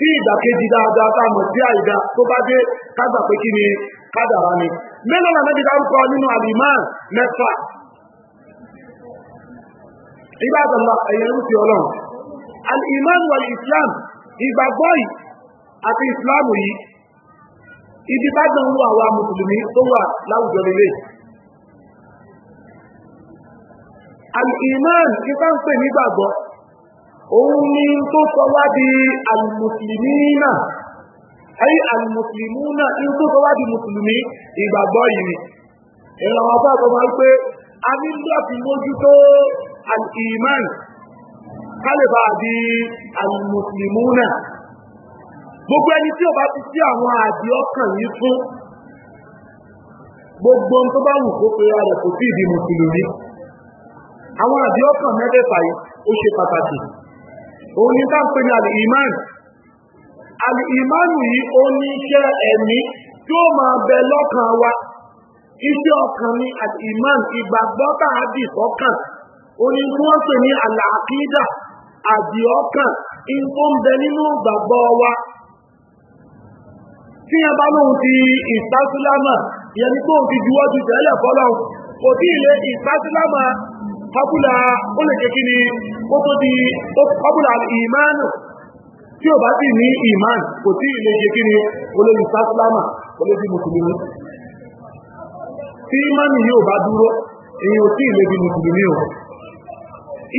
[SPEAKER 2] tí ìdàkejì dáadáa tá a mọ̀ sí àìdá tó bá dé kágbà pé kí ni kádàrá ni mélòó la nínú àlìmáà mẹ́fà. àtàlà ń fi ọlọ́run al-iman wal-islam ìgbàgbọ́ yìí àti islam yìí ibi bá dàn wọ àwa mùsùlùmí tó wà láwùjọ lélẹ̀ al-iman ìfẹ́ ń pè nígbàgbọ́ òun ni tó sọ wá di al-muslimina ayé al-muslimuna ní tó sọ wá di mùsùlùmí ìgbàgbọ́ yìí ìrànwọ́ bá sọ wá pé a ní láti mójútó al-iman kálíbà àbí àlùmùsùlùmùnà gbogbo ẹni tí ò bá ti sí àwọn àdí ọkàn yìí fún gbogbo tó bá wù kó pera rẹ̀ kò sí ìdí mùsùlùmí àwọn àdí ọkàn mẹ́fẹ̀ẹ̀fà yìí ó ṣe pàtàkì òun ni ká ń pè ní al-iman al-iman yìí ó ní iṣẹ́ ẹ̀mí tí ó máa bẹ lọ́kàn wa iṣẹ́ ọkàn ni al-iman ìgbàgbọ́ tá a dì sọ́kàn ó ní wọ́n pè ní al-aqida àdìọ́kàn tó ń bẹ nínú ìgbàgbọ́ wa tí yẹn bá lóhun ti ìsásílámà ìyẹn ní tóhun ti juwọ́ ju tẹ́lẹ̀ fọ́lọ́ kò tí ilé ìsásílámà kọbùlà ó lè ni ó tó di kọbùlà ìmánù tí ò bá sì ní ni ó lè ìsásílámà ó lè di mùsùlùmí tí yìí ò bá dúró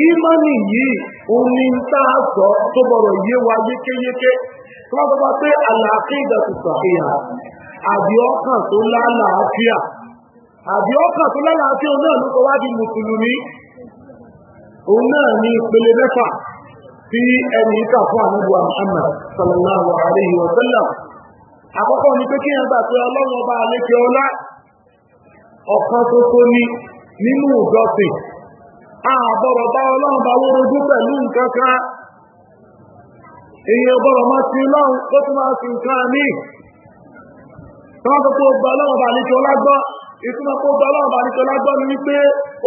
[SPEAKER 2] èyí òun ni a sọ tó bọ̀rọ̀ yé wa yékéyéké tó bá pé àlàáfíà ìdàtúntà ìhà àbí ọkàn tó lálàáfíà àbí ọkàn tó lálàáfíà òun náà ló kọ wá di mùsùlùmí òun náà ní ìpele mẹ́fà tí ẹni kà fún àmúgbò Muhammad sallallahu alayhi àkọ́kọ́ ni pé kí gbà pé ọlọ́run ọba àlékè ọlá ọ̀kan tó tó ní nínú ìjọsìn àbọ̀rọ̀ bá ọlọ́run bá wó rojú pẹ̀lú nǹkan nkaka èyí ọgbọ́rọ̀ máa ti lọ́run ó tún máa fi nǹkan mí ọlọ́run bá lágbọ́ ọlọ́run bá lágbọ́ ni wípé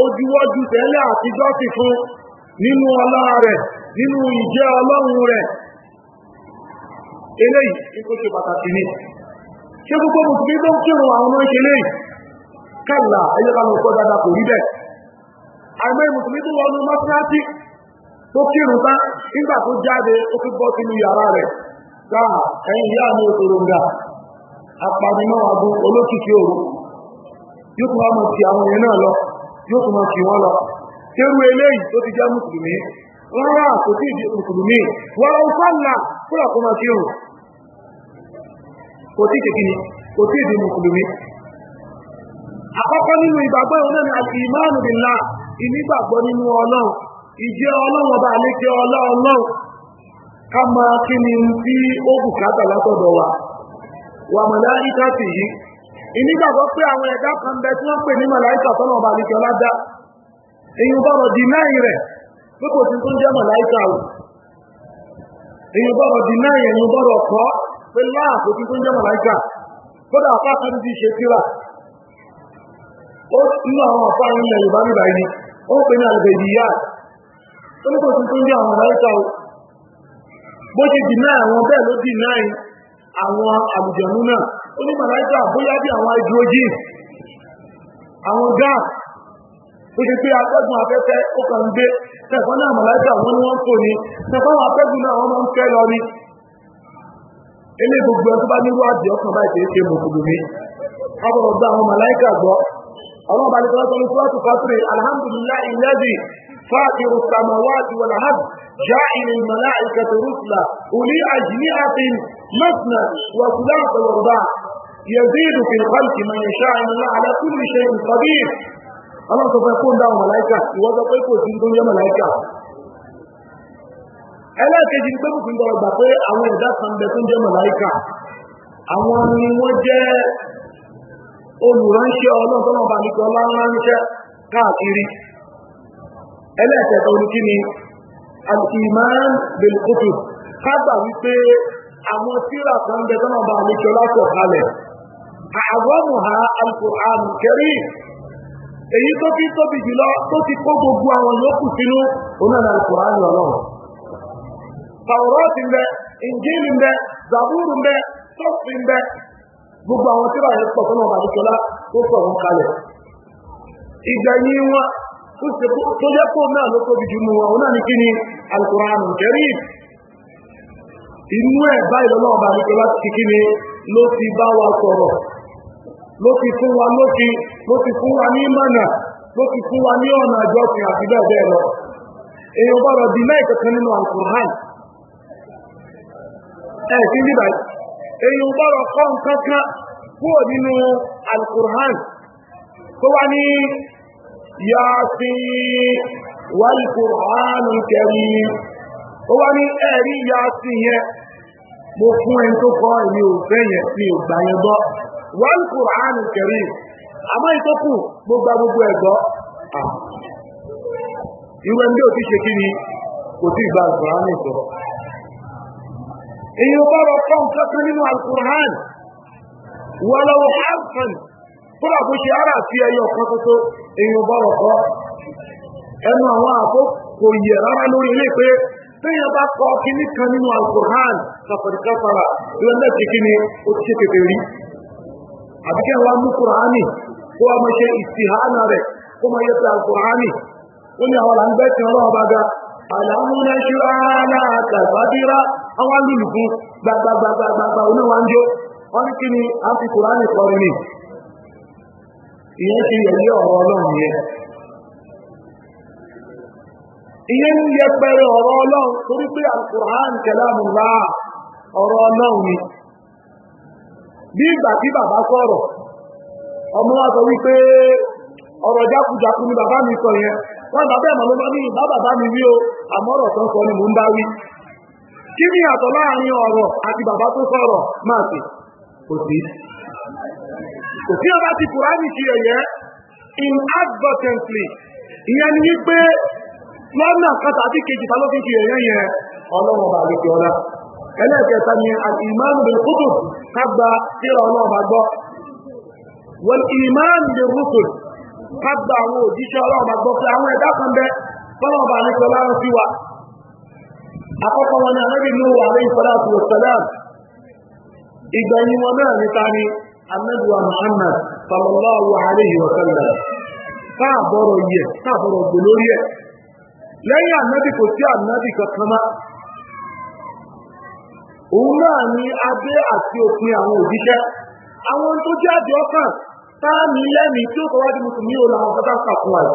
[SPEAKER 2] ojúwọ́jú tẹ́lẹ̀ àtijọ́ ti fún nínú rẹ̀ nínú ìjẹ́ ọlọ́run rẹ̀ eléyìí ṣe pàtàkì ni ṣé gbogbo àmọ́ ìmùsùlùmí tó wọnú mọ́sálásí tó kírun tán nígbà tó jáde ó fi bọ́ sínú yàrá rẹ̀ gbáà ẹ̀yìn ìyá mi ò tòrò ńgà apanimọ́ agun olókìkí òru yóò tún àwọn náà lọ yóò tún mọ̀ sí wọn lọ tẹ́rù eléyìí tó ti jẹ́ mùsùlùmí rárá kò mùsùlùmí kúrò kó kírun kò ìnígbàgbọ́ nínú ọlọ́run ìjẹ́ ọlọ́run ọba àlékè ọlá ọlọ́run ká máa kí ni tí ó bùkátà látọ̀dọ̀ wa wà màláíkà pé àwọn ẹ̀dá kan bẹ tí wọ́n ní tọ́nà ọba àlékè bọ̀rọ̀ di mẹ́rin rẹ̀ pé kò sí tó ń jẹ́ o bọ̀rọ̀ di mẹ́rin bọ̀rọ̀ kọ́ pé tó ń jẹ́ wọ́n pè ní alìbẹ̀dìyà tó ní kò tún tún jẹ́ àwọn ọ̀rẹ́ta o bó ti dì náà àwọn bẹ́ẹ̀ ló dì náà àwọn àlùjẹ̀nú náà ó ní màláìka bóyá bí àwọn hydrogen àwọn gas ó ti pé atẹ́gùn afẹ́fẹ́ ó kàn ń gbé tẹ̀fọ́n náà màláìka wọn ni wọ́n tò ní tẹ̀fọ́n àwọn atẹ́gùn náà wọ́n máa ń fẹ́ lọ ní ilé gbogbo ẹ̀ tó bá nírú àjẹ́ ọkàn báyìí kì í ṣe mùsùlùmí ọgbọ̀rọ̀ gba àwọn màláìka gbọ́ الله بعد صلاه نسوات الحمد لله الذي فاطر السماوات والأرض جاعل الملائكة رسلا أولي أجنحة مثنى وثلاث ورباع يزيد في الخلق من يشاء الله على كل شيء قدير الله سوف يكون دعوة ملائكة وسوف يكون سنتم يا ملائكة ألا تجد kò fi ń dọ̀rọ̀ gbà pé àwọn ẹ̀dá ملائكة أولا tó olùránṣẹ́ ọlọ́tọ́nà bá ní káàkiri ẹlẹ́ẹ̀kẹta olùkí ni al-iman bil wípé àwọn tíra kan bẹ tọ́nà bá ní kọlá ha al-Qur'an Karim èyí tó fi tóbi jùlọ tó ti kó gbogbo àwọn yòókù sínú ń bẹ ń bẹ gbogbo àwọn tí wàá yẹn pọ̀ tó náà bá ó pọ̀ wọn kalẹ̀. ìgbà yìí wọn tó jẹ́ kó náà ló tóbi jù mú wọn òun náà ní ni inú báyìí lọ́nà ọba dúkọ́lá ti kí ni ló ti bá wa sọ̀rọ̀ ló ti fún wa lókì ló ti fún wa ní mọ̀nà ló ti fún wa ní ọ̀nà àjọsìn àti bẹ́ẹ̀ bẹ́ẹ̀ lọ. èèyàn di mẹ́ẹ̀kẹ́kẹ́ nínú ẹ̀ kí èyí ò bọ́rọ̀ kọ́ nǹkan kan kúrò nínú alukur'an tó wá ní yàtí wàlùkur'an kẹrin ó wá ní ẹ̀rí yàtí yẹn mo fún ẹni tó kọ́ èmi ò fẹ́ yẹn mi ò gbà yẹn gbọ́ wàlùkur'an kẹrin àmọ́ ìtọ́kù mo gba gbogbo ẹ̀ gbọ́ ah. irú ẹni bí ṣe kí ni kò sí ìgbà alukur'an sọ̀rọ̀ èyí ò bá rọ̀ fọ́n kankan nínú alukur'an wàlọ́wọ́ hàfẹ́n kúrò àbúṣe ara àti ẹyọ kan tuntun èyí ò bá rọ̀ kọ́ ẹnu àwọn àbó kò yẹ rárá lórí ilé pé téèyàn bá kọ kíní kan nínú alukur'an kàfàdìkàfàrà lọ́lẹ́ ti kíni ó ti ṣe kékeré àbíkẹ́ wa mú kur'ani kó wa máa ṣe ìsìhánà rẹ̀ kó máa yẹ pé alukur'ani ó ní àwọn làǹgbẹ́ tí ọlọ́wọ́ bá ga àlàmúnáṣúra náà tàbádìrá ọwá lùlù fún gbagbagbagbagbagba oníwájú wọ́n ní kí ni a ti yẹ̀yẹ́ ọ̀rọ̀ ihe ihe ndị ekpere ọrụ pẹ̀rẹ̀ ọ̀rọ̀ ọlọ́run torí pé alkùránì kẹlámùlá ọ̀rọ̀ ọlọ́run ni bí ìgbà tí bàbá sọ̀rọ̀ sọ wípé ni bàbá mi sọ bá mi amụrụ nsọ ni kí ni àtọ̀ láàrin ọ̀rọ̀ àti bàbá tó sọ̀rọ̀ máa sì kò sí kò ọba ti kùránì kí ẹ̀yẹ inadvertently ìyẹn ni wípé lọ́nà kàtà àti kejì ta ló fi kí ẹ̀yẹ yẹn ọlọ́run ọba àlejò ọlá ẹlẹ́ẹ̀kẹta ni al-imanu bil-kutub kágbà síra ọlọ́run ọba gbọ́ wal-imanu àwọn òjíṣẹ́ ọlọ́run ọba gbọ́ àkọ́kọ́ wọn ni anábì ní wà ní ìfọ́lá àti òṣèlá ìgbẹ̀yìn wọn náà níta ni anábì wa Muhammad sallallahu alayhi wa sallam káàbọ̀rọ̀ yẹ káàbọ̀rọ̀ gbò lórí ẹ̀ lẹ́yìn anábì kò sí anábì kankan òun náà ni adé àti òpin àwọn òjíṣẹ́ àwọn tó jáde ọkàn táàmì lẹ́mìí tí ó kọ́ wájú mùsùlùmí ò làwọn kọ́tà pàkó àyè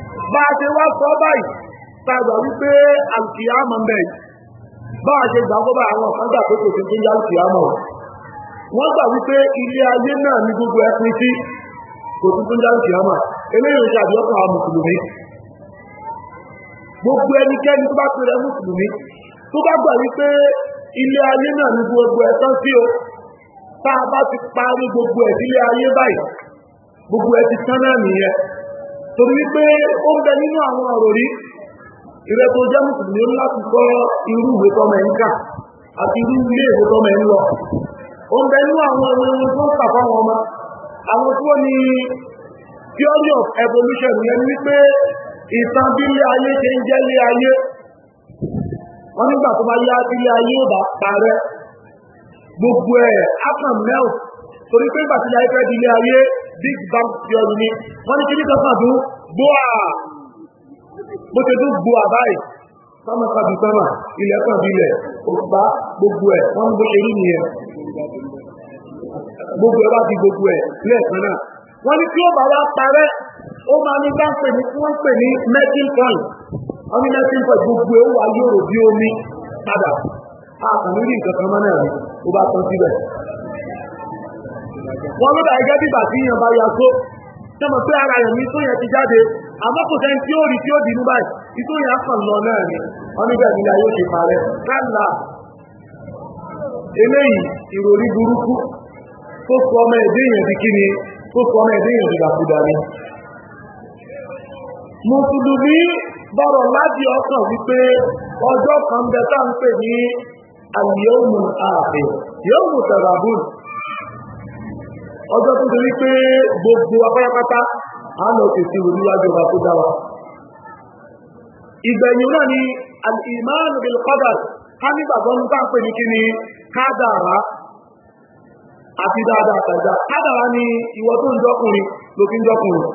[SPEAKER 2] bá a ṣe wá sọ báyìí tá a gbà wípé àlùkìyàmọ̀ ń bẹ yìí bá a ṣe gbà kó bá àwọn kan gbà pé kò sí tó yá àlùkìyàmọ̀ wọ́n gbà wípé ilé ayé náà ní gbogbo ẹ pín sí kò sí tó yá àlùkìyàmọ̀ eléyìí ṣe àbíọ́kàn àwọn mùsùlùmí gbogbo ẹnikẹ́ni tó bá pè rẹ mùsùlùmí tó bá gbà wípé ilé ayé náà ní gbogbo ẹ tán sí o tá a bá ti parí gbogbo ẹ sílé ayé báyìí gbogbo ẹ ti tán náà nìyẹn torí wípé ó ń bẹ nínú àwọn ọ̀rọ̀ rí ìrẹ́ tó jẹ́ mùsùlùmí ó láti kọ́ irú ìwé tọ́mọ ẹ̀ ń kà àti irú ilé ìwé tọ́mọ ẹ̀ ń lọ ó ń bẹ nínú àwọn ọmọ ẹni tó ń kà fáwọn ọmọ àwọn tó ní theory of evolution yẹn wípé ìtàn bí ilé ayé ṣe ń jẹ́ ilé ayé wọ́n nígbà tó bá yá ilé ayé ò bá parẹ́ gbogbo ẹ̀ ápàn mẹ́ọ̀ torí pé ìgbà tí ilé ayé fẹ́ di ilé ayé big bang theory ni wọ́n ní kíní kan dùn gbóà bó ṣe dún gbóà báyìí sọ́mọ́ kàbí sọ́mọ́ ilẹ̀ kàbí ilẹ̀ òṣùpá gbogbo ẹ̀ wọ́n ní bó ṣe rí nìyẹn gbogbo ẹ̀ bá ti gbogbo ẹ̀ lẹ́ẹ̀kan náà wọ́n ní tí ó bá wá parẹ́ ó máa ní bá ń pè ní wọ́n ń pè ní melting point wọ́n ní melting point gbogbo ẹ̀ ó wà yòrò bí omi padà a kàn ní rí nǹkan kan mọ́ náà ni ó bá tán síbẹ̀ wọn ló dà gẹ́gẹ́ bí bàtí yẹn bá ya tó ya mo pé ara yẹn mi tó yẹn ti jáde àmọ́ kò sẹ́ni tí ó rí tí ó di nígbà yìí tó yẹn kàn lọ náà ni wọn níbẹ̀ ni ayé ṣe parẹ́ kálá eléyìí ìròrí burúkú tó sọ ọmọ ẹ̀dẹ́ yẹn di tó sọ ni. mùsùlùmí bọ̀rọ̀ láti ọkàn wípé ọjọ́ ọjọ́ tó torí pé gbogbo apáyápátá a lọ tètè rò níwájú ọba tó dá wa ìgbẹ̀yìn náà ni al-iman bil qadar ká nígbàgbọ́ ní táǹpé ní kí ni kádàrá àti dáadáa àtàjà kádàrá ni ìwọ tó ń jọkùnrin ló fi ń jọkùnrin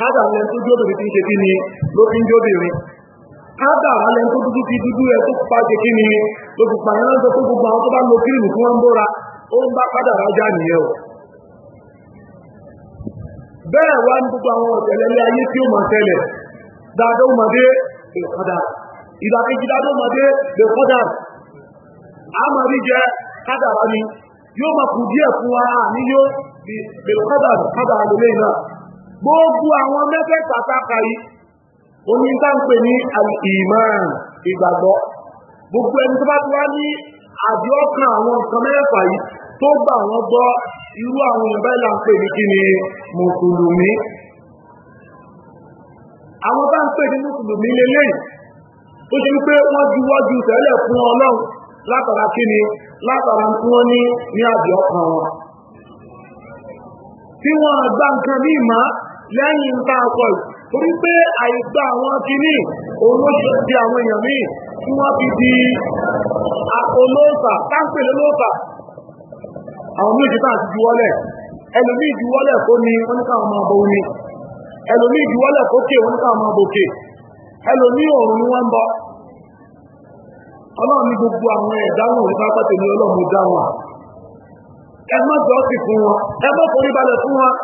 [SPEAKER 2] kádàrá lẹni tó jóbìnrin ti ń ṣe kí ni ló fi ń jóbìnrin kádàrá lẹni tó dúdú ti dúdú ẹ tó pa ṣe kí ni ló fi pààyàn lọ́jọ́ tó gbogbo àwọn tó bá lo kírìmù fún wọn bóra ó ń bá kádàrá já nìyẹn o bẹ́ẹ̀ wá ní gbogbo àwọn ọ̀tẹ̀lẹ́lẹ́ ayé tí ó mọ̀ tẹ́lẹ̀ dáadọ́ ọmọdé ìdàkejì dáadọ́ ọmọdé àmàrí jẹ́ kádàrá ni yóò máa kù díẹ̀ fún wa ní yóò ìkọ́dà kádàrá lélẹ́ náà gbogbo àwọn mẹ́fẹ̀ẹ́ta sáka yìí omi ń pè ní ìgbàgbọ́ gbogbo ẹni tó bá ti wá ní àwọn nǹkan mẹ́fà yìí irú àwọn ìbá ìlà ń pè ní kí ni mùsùlùmí àwọn bá ń pè ní mùsùlùmí lélẹ́yìn tó ṣe pé wọ́n ju wájú tẹ́lẹ̀ fún ọlọ́run látara kí ni látara tí wọ́n ní ní àjọ ọkàn wọn tí wọ́n gbá nǹkan ní ìmá lẹ́yìn ń ta ọkọ̀ torí pé àìgbà àwọn kìíní olóṣèlú di àwọn èèyàn míì tí wọ́n fi di olóòsà táǹpẹ̀lẹ́ lóòsà àwọn méjì tá àti juwọ́lẹ̀ ẹlòmí ìjuwọ́lẹ̀ kó ní wọ́n ní káwọn máa bọ omi ẹlòmí ìjuwọ́lẹ̀ kó ké wọ́n ní káwọn máa bòkè ẹlòmí òòrùn ni wọ́n ń bọ ọlọ́run ní gbogbo àwọn ẹ̀dáhùn òun pápá tèmi ọlọ́run dá wọn ẹ má jọ sí fún wọn ẹ má forí balẹ̀ fún wọn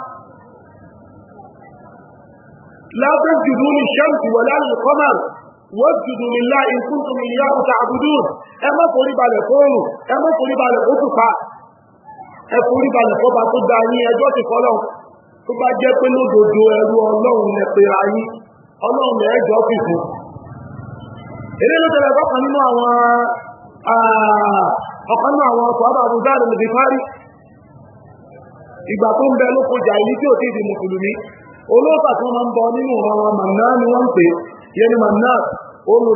[SPEAKER 2] lábẹ́ jùlọ ní ṣẹ́ǹtì wọlé àlùkọ́mà wọ́jùdù nílá ìkúntùmí ìyá ọ̀tà àbúdùn ẹ má forí balẹ̀ fóònù ẹ má forí balẹ̀ fóònù pa ẹ forí balẹ̀ tó da yín ẹjọ́ ti kọ́ tó bá jẹ́ pé lódodo ẹrú ọlọ́run lẹ pera yín ọlọ́run ẹjọ́ èdè ló tẹ̀lé ọkàn nínú àwọn ọkàn nínú àwọn ọkọ̀ dáàdì lè fi parí. ìgbà tó ń bẹ ló kọjá yìí tí ò ti di mùsùlùmí olóòtà tí máa ń bọ nínú kan nínú àwọn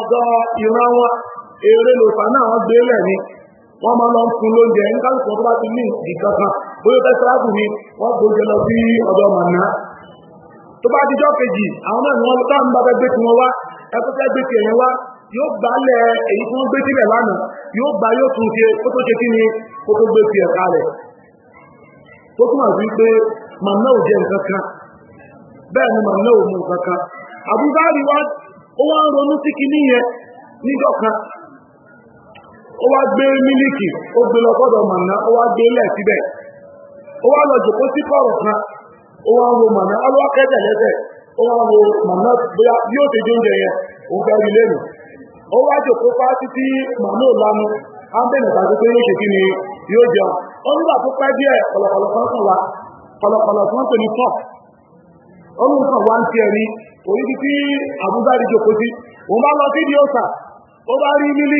[SPEAKER 2] ọ̀dọ́ eré lòsàn náà wọ́n gbé lẹ̀ ni wọ́n máa lọ ń fún lóúnjẹ ń kálukú wọn tó bá ti ní ìdí kankan bóyá bẹ́ẹ̀ sáláàbù ni wọ́n gbóúnjẹ lọ sí ọ̀dọ̀ màná tó bá dijọ́ kejì àwọn náà ni wọ́n táwọn bá fẹ́ gbé tí wọ́n wá ẹ̀kọ́ gbé tí èèyàn wá yóò gbálẹ̀ èyí tí wọ́n gbé sílẹ̀ lánàá yóò gbá yóò tún ṣe kó ṣe kí ni kó tó gbé sí ẹ̀ka rẹ̀ tó túmọ̀ sí pé màmá ò jẹ nǹkan kan bẹ́ẹ̀ ni màmá ò mú nǹkan kan àbúgbárí wa ó wá ń ronú sí kinní yẹn kan ó wá gbé mílíkì ó gbé lọ gbọ́dọ̀ màná ó wá gbé lẹ̀ síbẹ̀ ó wá lọ jòkó sí kọ̀rọ̀ kan ó wá wo màná lẹ́sẹ̀ ó wá wo màná bóyá yẹn ó fẹ́ rí lẹ́nu ó wá jòkó títí màná ò lanu á bẹ̀rẹ̀ pé yóò ṣe kí ni yóò jẹun ó nígbà tó pẹ́ díẹ̀ kan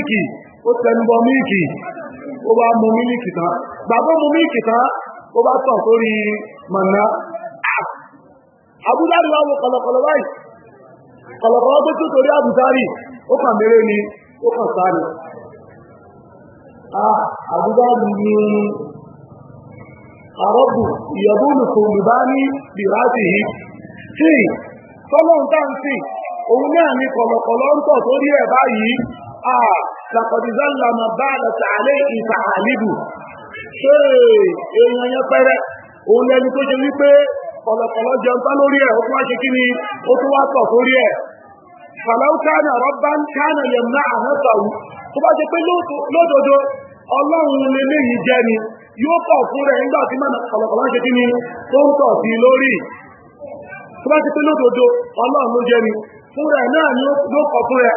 [SPEAKER 2] kàn ó tẹnubọ mílìkì ó bá mu mílìkì tán gbàgbọ́ mu mílìkì tán ó bá tàn sórí màná àbúdárì wà wọ kọ̀lọ̀kọ̀lọ̀ báyìí kọ̀lọ̀kọ̀lọ̀ tó tó torí àbúdárì ó kàn méré ni ó kàn sáré àbúdárì ni àrọ́bù ìyọ̀bùnù kò lè bá ní bìrátì yìí tí tọ́lọ́ǹtà ń sìn òun náà ni kọ̀lọ̀kọ̀lọ̀ ń tọ̀ sórí ẹ̀ báyìí ah, làkọ̀dí zálà mọ̀ bá àlọ́tà alẹ́ ìfà àlìbù ṣé èèyàn yẹn pẹ́rẹ́ òun lẹ́nu tó ṣe wípé kọ̀lọ̀kọ̀lọ̀ jẹun tán lórí ẹ̀ ó tún wá ṣe kí ni ó tún wá tọ̀ sórí ẹ̀ fàlàó kánà rọ́bá ń kánà yẹn ná àhẹ́sàwù tó bá ṣe pé lódodo ọlọ́run leléyìí jẹ́ ni yóò tọ̀ fún rẹ̀ nígbà tí mọ̀nà kọ̀lọ̀kọ̀lọ̀ ṣe kí ni tó ń tọ̀ sí lórí tó bá ṣe pé lódodo ọlọ́run ló jẹ́ ni fún rẹ̀ náà ni ó fún rẹ̀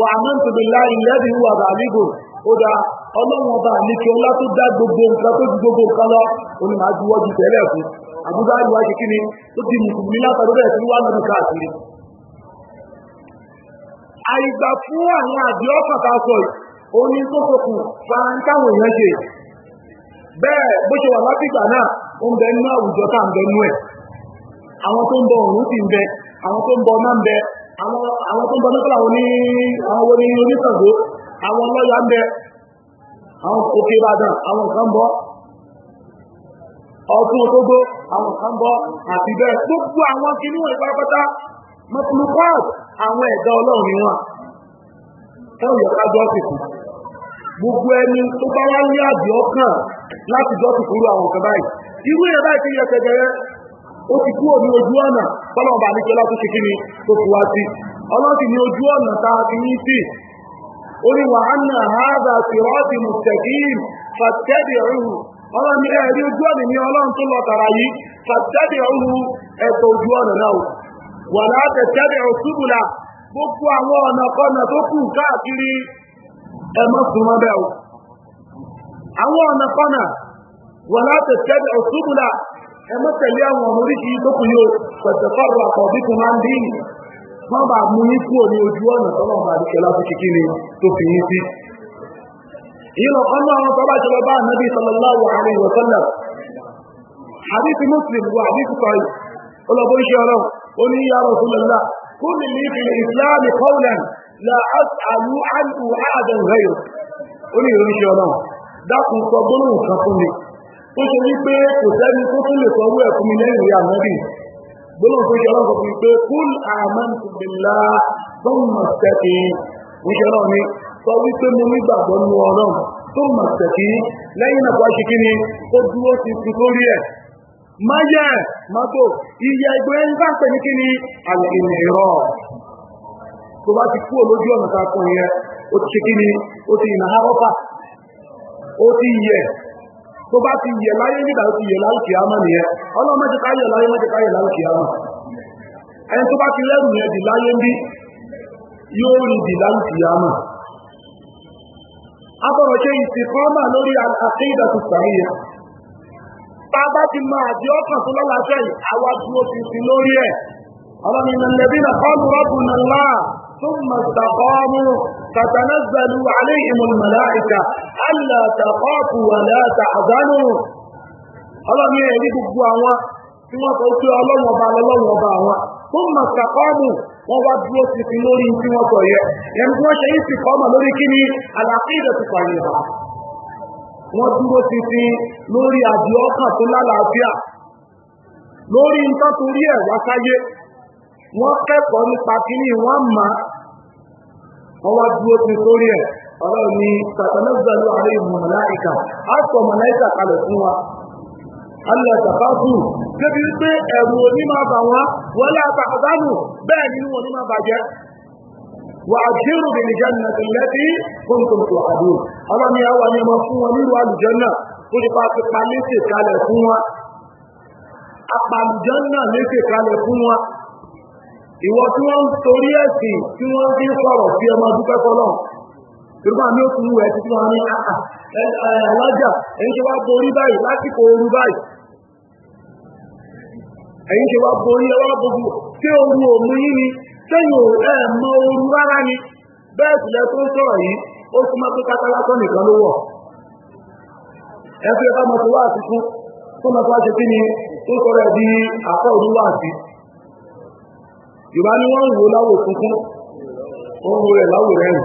[SPEAKER 2] wà á mọ̀tò bí láì lẹ́bi wà bàálígò ó dá ọlọ́run ọba àníkẹ́ ọlá tó dá gbogbo nǹkan tó ju gbogbo nǹkan lọ òun máa ju wọ́jú tẹ́lẹ̀ fún àbúrò àríwá ṣe ni ó ti mùsùlùmí látàrí bẹ́ẹ̀ tí lọ́dún káàkiri. àìgbà fún àwọn àbí sọ ni tó sọkùn fáńtáwọn èèyàn ṣe bẹ́ẹ̀ bó ṣe wà lápìgbà náà ó ń bẹ nínú àwùjọ tá ń bẹ nú ẹ̀ àwọn tó ń àwọn àwọn tó ń bọ mẹ́tọ́lá wọn ní àwọn wo ní onísàgbó àwọn ọlọ́yà ń bẹ àwọn òkè ìbàdàn àwọn kan bọ́ ọ̀tún òtógbó àwọn kan àti gbogbo àwọn wọn àwọn ni wọn gbogbo ẹni tó bá wá ní ọkàn láti rú àwọn kan báyìí irú báyìí ti yẹ kẹgẹrẹ ó ti ojú ọ̀nà tọ́lọ́wọ́ bá níṣẹ́ lọ́tún ṣe kí ni tó fi wá sí ọlọ́sìn ní ojú ọ̀nà tá a fi ní sí ó ní wà á nà áàdà sírọ́ọ̀tì mùsẹ̀kìm fàtẹ́dì ọ̀hún ọlọ́run ní ẹ̀rí ojú ọ̀nà ní ọlọ́run tó lọ tàrà yìí fàtẹ́dì ọ̀hún ẹ̀tọ́ ojú ọ̀nà náà wà láti tẹ́dì gbogbo àwọn ọ̀nà kọ́nà tó kù káàkiri ẹ̀mọ́ súnmọ́ bẹ́ẹ̀ o ẹ mọ́ tẹ̀lé àwọn ọmọ oríṣiríṣi tó kùn yóò pẹ̀tẹ̀ fọ́ọ̀rọ̀ àkọ́bí kan máa ń bí yìí wọ́n bá mú yín kúrò ní ojú ọ̀nà tọ́lọ̀ bá dìkẹ́ láti kíkí ni tó fi yín sí. ìlọ ọmọ àwọn tọ́lá ìṣẹ̀lẹ̀ bá ànábì sallallahu alaihi wa sallam àdìsí muslim wọ àdìsí sọ̀rọ̀ ọlọ́bọ̀ ọlọ́run ó ní ya Rasulullah kó lè ní fi islam qawlan la as'alu anhu nítorí pé kò sẹ́ni tó tún lè sọrú ẹ̀kú mi lẹ́yìn ìyá ànábì gbọ́dọ̀ tó ṣe ọlọ́run fi pé kúl àmọ́ntù bìlá tó mọ̀ sẹ́kì níṣẹ́ náà ni sọ wípé mo nígbàgbọ́ nu ọlọ́run tó mọ̀ sẹ́kì lẹ́yìn náà wá kí ni ó dúró ti fi lórí ẹ̀ má yẹ mọ́tò iye ẹgbẹ́ ń bá pè ní kí ni àlẹ́ ìrọ̀ tó bá ti kúrò lójú ọ̀nà ta kùn yẹn ó ti ṣe kí ni ó ti ìnà tó bá ti yẹ láyé nígbà tó ti yẹ láwùjọ àmọ́ nìyẹn ọlọ́run má jẹ́ ká yẹ láyé má jẹ́ ká yẹ láwùjọ àmọ́ ẹni tó bá ti lẹ́rù yẹn dì láyé bí yóò rí dì láwùjọ àmọ́ abọ̀rọ̀ ṣe ìsìnkọ́mà lórí tá a bá ti máa di ọkàn yìí àwa dúró ti lórí ẹ̀ ọlọ́run kọ́ تتنزل عليهم الملائكة ألا تخافوا ولا تحزنوا الله مين يجيب بواوا كما قلت الله وبا الله وبا ثم استقاموا wọ́n wá dúró ti fi lórí tí wọ́n sọ yẹ ẹni tí wọ́n ṣe yìí ti kọ́ ọmọ lórí kí ni àlàkídà ti pààyàn wọ́n dúró ti fi lórí àbíọ́kàn tó lálàáfíà lórí nǹkan torí ẹ̀ wáṣáyé wọ́n kẹ́kọ̀ọ́ nípa kíní wọ́n máa wọ́n wá dúró ti sórí ẹ̀ ọlọ́run ni tàtàlẹ́gbẹ̀lú àrẹ ìmọ̀láìkà á sọ mọ̀láìkà kalẹ̀ fún wa alẹ́ tàbátù débi wípé ẹ̀rù òní máa bà wọ́n wọ́n lé àtàkọ̀dánù bẹ́ẹ̀ nínú òní máa bàjẹ́ wà á jẹ́rù bìí jẹ́nà tìlẹ́tì kóńtòǹtò àdó ọlọ́ni àwa ni mo fún wọn nílùú àlùjẹ́nà ó ti pa pa léṣe kalẹ̀ fún wa apàlùjẹ́nà léṣe kalẹ̀ fún wa ìwọ tí wọ́n torí ẹ̀sìn tí wọ́n fi ń sọ̀rọ̀ ọmọ dúpẹ́ fọlọ́ Yorùbá mi ò tún wẹ̀ títí wọn ní ah, ah, alájà ṣe báyìí lásìkò ooru báyìí ṣe wá borí gbogbo tí ooru yín ni mọ ooru rárá ni sì lẹ tó yìí ó tún máa nìkan ló ẹ fi ẹ bá tó wá àti fún Yorùbá ni wọ́n ń wò láwò funfun wọ́n ń wò rẹ̀ láwò rẹ̀ rìn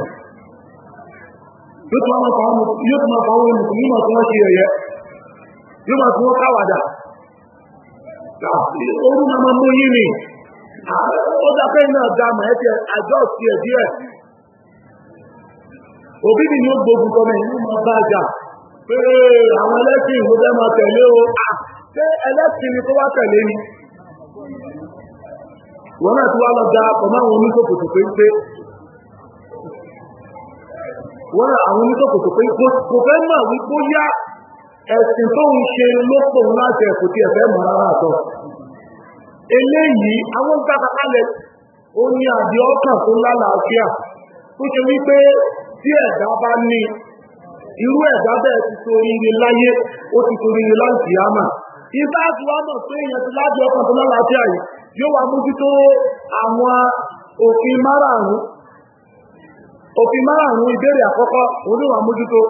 [SPEAKER 2] yóò tún máa fọwọ́ yóò tún máa wọ́n ṣe ẹ̀yẹ yóò máa tún wọ́n káwàdà orú máa máa mú yín ni ó àjọ ti ẹ̀ díẹ̀ òbí mi ni ó mi ní máa bá pé àwọn ẹlẹ́sìn ni. wọn náà ti wá lọ da pọ̀ máa oníṣòkòtò péńpé wọn náà àwọn oníṣòkòtò péńpé kò fẹ́ mọ̀ wípé yá ẹ̀sìn tó ń ṣe lọ́pọ̀ láti ẹ̀kọ́ tí eléyìí àwọn ó ní àbí ọkàn tó tó ṣe ní irú ẹ̀dá bẹ́ẹ̀ ìfẹ́ àti wá mọ̀ pé èèyàn ti láti ọkàn tó lọ́la sí àyè yóò wá mójútó àwọn òfin márààrún òfin márààrún ìbéèrè àkọ́kọ́ oníwà mójútó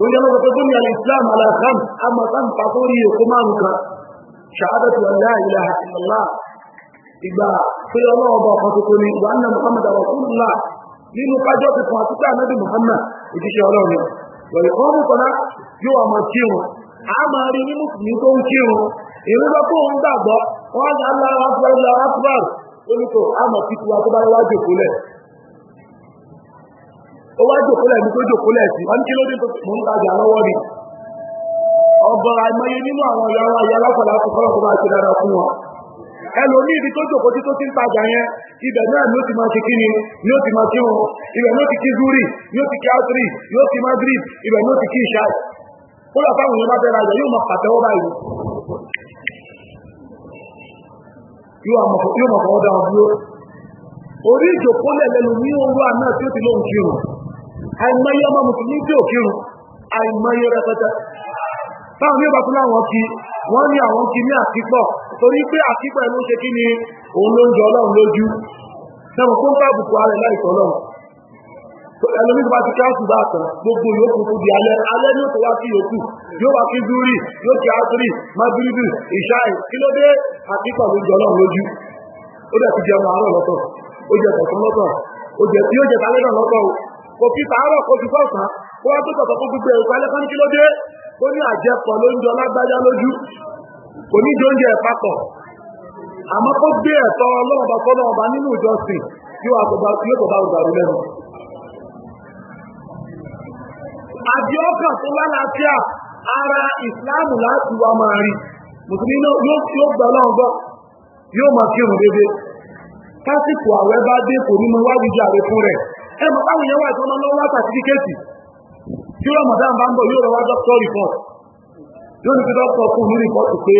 [SPEAKER 2] oúnjẹ lọ́wọ́ tó gbóni alìsílám aláàkám amọ̀sán pàtórí èkó márùn kan ṣàádọ́tù ọ̀lá ìlà ìlàlá ìgbà pé ọlọ́wọ́ bá ọkàn tó tóní wà ní muhammad rasulullah nínú kájọ́ tuntun àti káàmẹ́bí muhammad ìjíṣẹ́ ọlọ́run wọ̀lẹ̀kọ́ mú kọ́ná yóò àmọ̀ kírun a máa rí ní mùsùlùmí tó ń kírun ìrúbọ tó ń gbàgbọ́ wọn á lọ afúrán lọ afúrán olùkọ́ àmọ́ títí wa tó bá wá jòkó lẹ̀ ó wá jòkó lẹ̀ ní tó jòkó lẹ̀ sí wọn kí ló dé mò ń tajà lọ́wọ́ ni àìmọye nínú àwọn tó bá ti dára fún wọn ẹlòmíì tó jòkó tí ni ó ti máa kíni ti máa kírun ó lọ fáwọn yẹn bá fẹ́ rajà yóò máa pàtẹ́wọ́ báyìí yóò máa fọwọ́ dáhùn dúró orí ìjòkó lẹ́lẹ́lu ní òru àná tí ó ti lóhun kírun àìmọye ọmọ mùsùlùmí tí ò kírun àìmọye rẹpẹtẹ táwọn ní ìbákú láwọn kí wọ́n ní àwọn kí ní àkípọ̀ torí pé àkípọ̀ ẹ̀ ló ṣe kí ni òun ló ń jọ ọlọ́run lójú sẹ́wọ̀n tó ń bá àbùkù ara ẹ̀ ẹlòmí tó bá ti káàkù bá tán gbogbo yòókù tó di alẹ́ alẹ́ ní òkú wá sí yòókù yóò wá kí dúrí yóò kí ásírì magiribi ìṣáì kí ló dé àkíkọ̀ ló jọ náà lójú ó dẹ̀ ti jẹun àárọ̀ lọ́tọ̀ ó jẹ tọ̀tún lọ́tọ̀ ó jẹ tí ó jẹ tálẹ́ náà lọ́tọ̀ kò fi tàárọ̀ kò fi fọ́ọ̀sán kó wá tó tọ̀tọ̀ kó gbogbo ẹ̀kọ́ alẹ́ kan kí ló dé ó ní àjẹpọ̀ ló ń jọ lágbájá lójú kò ní jẹ oúnjẹ ẹ̀pápọ̀ àmọ́ kó gbé ẹ̀tọ́ ọlọ́ọ̀bà fọ́lọ́ọ̀bà nínú ìjọsìn yóò àgbàgbà yóò bọ̀ bá òdàrú lẹ́nu àbí ọkàn tó lálàáfíà ara ìsìláàmù láti wá máa rí mùsùlùmí náà yóò gbà ọlọ́run gbọ́ yóò máa kírun dédé tásìkò àwẹ̀ bá dé kò ní mọ wádìí jàre fún rẹ̀ ẹ mọ̀ táwọn èèyàn wà tó tí bá ń yóò yóò ní fún pé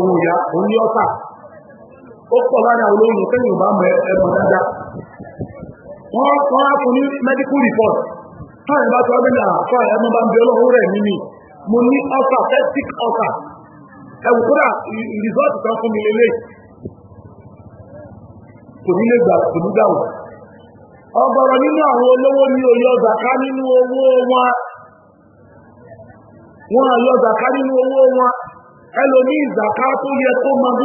[SPEAKER 2] ìyá ní ó lára olóyún táwọn ìbá tọ́ nílà àfọ́ ẹnu bá ń bẹ ọlọ́run rẹ̀ mí ni mo ní ọfà septic ọfà ẹ̀wù kódà rìsọ́ọ̀tì kan fún mi lélẹ̀ kò lè gbà kò ní gbà nínú àwọn olówó ni òye ọ̀zàká nínú owó wọn wọn àyọ ọ̀zàká nínú owó wọn ẹlòmí ìzàká tó yẹ kó mọ bí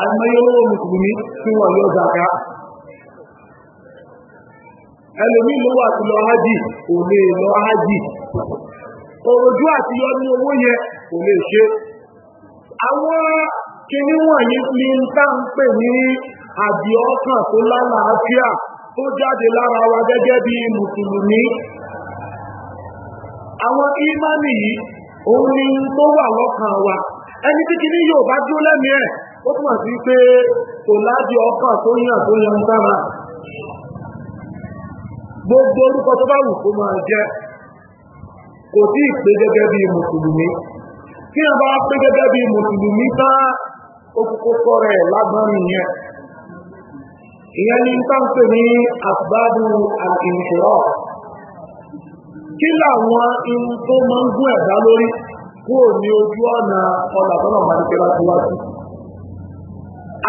[SPEAKER 2] àìmọyọwọ́ mùsùlùmí tí wọ́n yọ zaka ẹlòmí ló wà tí lọ ò lè lọ òròjú àti yọ ní owó yẹn ò lè ṣe àwọn kíní ní ń tá ní àbí ọkàn tó lálàáfíà jáde lára wa gẹ́gẹ́ bí mùsùlùmí àwọn yìí òun ni tó wà wa ẹni tí yóò bá dúró lẹ́mìí ó túmọ̀ sí pé kò láti ọkàn tó yàn tó yan sára gbogbo orúkọ tó bá wù kó máa jẹ kò tí ì pé gẹ́gẹ́ bí mùsùlùmí kí wọ́n bá pé gẹ́gẹ́ bí mùsùlùmí bá okòkò rẹ̀ lágbọ́n nìyẹn ìyẹn ní táǹpé ní àbádù àìṣòro kí làwọn ohun tó máa ń gún ẹ̀dá lórí kúrò ní ojú ọ̀nà ọ̀nà tọ́nà bá ní pé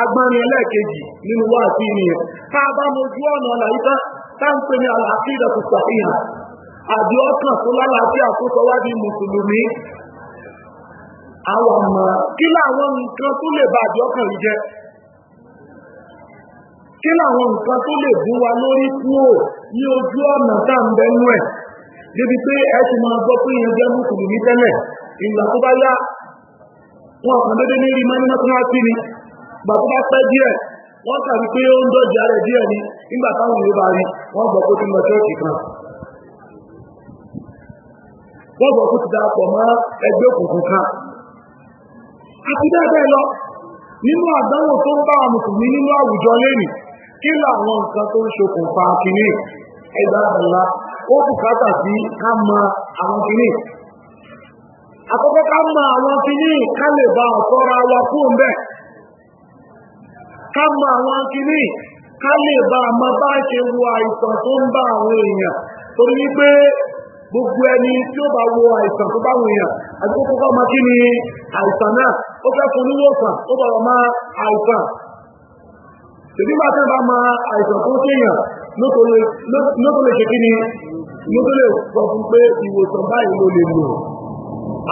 [SPEAKER 2] agbárin ẹlẹ́ẹ̀kejì nínú wá àti ènìyàn tá a bá mojú ọ̀nà làyíká tá ń pè ní àlàáfíà tó sàfihàn àbí ọkàn tó lálàáfíà tó sọ wá di mùsùlùmí àwọn ọmọ kí làwọn nǹkan tó lè ba àbí ọkàn yìí jẹ́ kí làwọn nǹkan tó lè bú wa lórí kúrò ní ojú ọ̀nà ẹ̀ débi pé ẹ ti máa gbọ́ bàbá bá pẹ́ díẹ̀ wọ́n tàbí pé ó ń dọ́jà rẹ̀ díẹ̀ ni nígbà táwọn ìlú bá rí wọ́n gbọ́ pé mọ ṣọ́ọ̀kì kan wọ́n gbọ́ pé ti darapọ̀ mọ́ ẹgbẹ́ òkùnkùn kan àti bẹ́ẹ̀ bẹ́ẹ̀ lọ nínú àdánwò tó ń bá wa mùsùlùmí nínú àwùjọ kí nǹkan tó ń ṣokùnfà ẹgbẹ́ ó sí ká mọ àwọn àkọ́kọ́ ká mọ àwọn ká mọ àwọn kìíní ká lè bá a mọ bá ṣe wo àìsàn tó ń bá àwọn èèyàn torí wípé gbogbo ẹni tí ó bá wo àìsàn tó bá àwọn èèyàn àti kókó kọ́ mọ kí ni àìsàn náà ó fẹ́ fún oníwòsàn ó bọ̀rọ̀ mọ àìsàn tèmi bá tẹ́ bá mọ àìsàn tó kéèyàn ló tó lè ṣe kí ni ló tó lè sọ fún pé ìwòsàn báyìí ló lè lò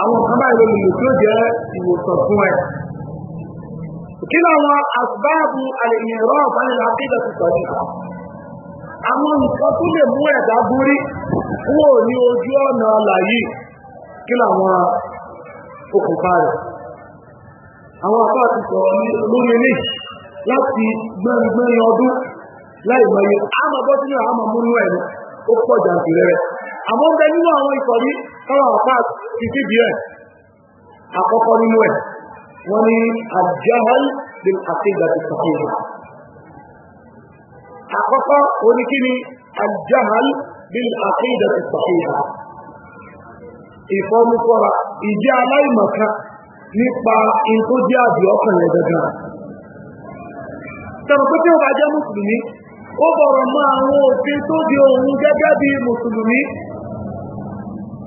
[SPEAKER 2] àwọn kan báyìí ló lè lò tí ó jẹ́ ìwòsàn fún ẹ kila wa asbabu al-i'rab an al-aqida as-sahiha àwọn nǹkan tó lè mú ẹ̀dá gúrí kúrò ní ojú ọ̀nà àlàyé kí làwọn okùnfà rẹ̀ àwọn apá ti sọ̀rọ̀ ní lórí ilé láti gbẹ́rin ọdún láì mọ̀ye àmọ́ bọ́ sínú àmọ́ múnú ẹ̀rọ ó pọ̀ jàǹdùrú rẹ̀ àmọ́ bẹ nínú àwọn ìkọ̀rí káwọn apá ti síbi ẹ̀ àkọ́kọ́ nínú ẹ̀ wọ́n ní àjẹ́họ́n ní àtìgbà ti sọ̀kìlá. Àkọ́kọ́ oníkíni àjẹ́họ́n ní àtìgbà ti sọ̀kìlá. Ìfọ́nukọ́ra ìjẹ́ aláìmọ̀ká nípa ìtọ́jú àjọ ọkàn rẹ̀ gangan. Sọ̀rọ̀ pé tí ó bá jẹ́ Mùsùlùmí, ó bọ̀rọ̀ mọ́ àwọn òfin tó di òun gẹ́gẹ́ bí Mùsùlùmí.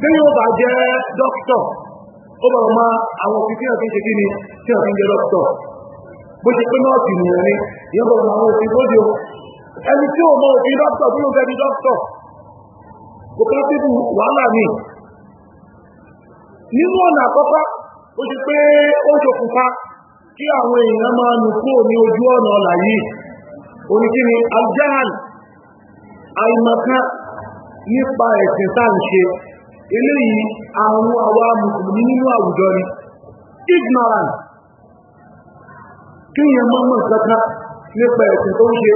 [SPEAKER 2] Tí ó bá jẹ́ dókítọ̀, ó bụrụ máa àwọn òfin tí wọ́n fi ń ṣe kí ni tí wọ́n fi ń jẹ́ lọ́pọ̀ bó ṣe pé nìyẹn ni àwọn òfin o ẹni tí mọ òfin bí fẹ́ di kò bá síbu wàhálà mi nínú ọ̀nà àkọ́kọ́ ó ṣe pé ó ṣokùnfà kí àwọn èèyàn máa nù ojú ọ̀nà ọ̀là yìí aljahan àìmọ̀kan nípa ẹ̀sìn tá àwọn àwa mùsùlùmí nínú àwùjọ ni ignorant kí èèyàn mọ́ mọ̀ kankan nípa ẹ̀sìn tó ń ṣe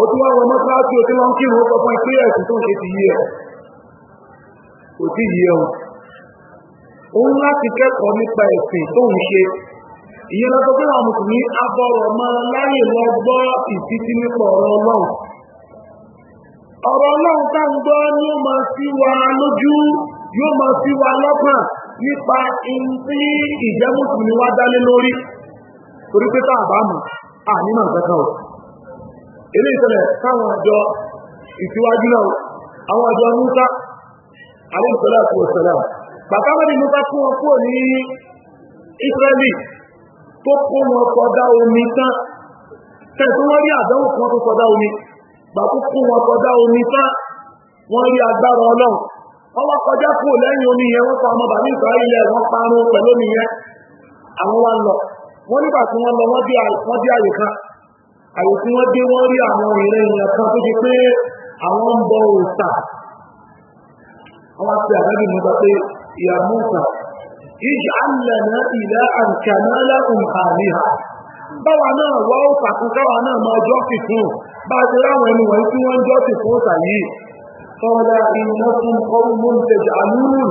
[SPEAKER 2] ó tún wá wọ mọ́sálásí ó ti lọ ń kírun ó sọ fún ìpínlẹ̀ ẹ̀sìn tó ń ṣe ti yí ẹ̀ kò tí yí ẹ̀ òun láti kẹ́kọ̀ọ́ nípa ẹ̀sìn tó ń ṣe ìyẹn lọ́sọ pé àwọn mùsùlùmí abọ́rọ̀ máa láyè lọ gbọ́ ìfití nípa ọ̀rọ̀ ọlọ́run ọ̀rọ̀ ọlọ́run tá ń gbọ́ ni ó máa fi wa lójú yóò máa fi wa lọ́kàn nípa ìjẹ́mùsùn ni wá dálé lórí torí pé táà bá mọ̀ ànímọ̀ kankan o ilé ìṣẹ̀lẹ̀ táwọn àjọ ìtiwájú náà àwọn àjọ Musa àwọn ìṣẹ̀lẹ̀ àti òṣèlẹ̀ bàbá mẹ́ni Musa kó wọn kúrò ní Israẹli tó wọn kọjá omi tán tẹ̀síwọ́n rí àdánwò tó kọjá omi gbàkú fún wọn kọjá omi tán wọ́n rí agbára ọlọ́run ọwọ́ kọjá kú lẹ́yìn omi yẹn wọ́n pa ọmọ bàbá ìgbà ilẹ̀ wọ́n parun pẹ̀lú omi yẹn àwọn wa lọ wọ́n nígbà tí wọ́n lọ wọ́n dé àyè kan àyè tí wọ́n dé wọ́n rí àwọn ìrìn ìrìn kan tó ṣe pé àwọn ń bọ òòṣà wọ́n ti àgbàdo nígbà pé ìyá mọ́ta ìjà àlẹ́nà ìlà àǹkànálà òǹkàníhà báwa náà wọ́n ó fàkúnkáwa náà máa jọ́ fìfún bá a ti ráwọn ẹni wọ̀nyí tí wọ́n jọ́ sí fún ọ̀sà yìí kọ́lá iná fún ọmọ ìtẹ̀jẹ̀ àlúrùn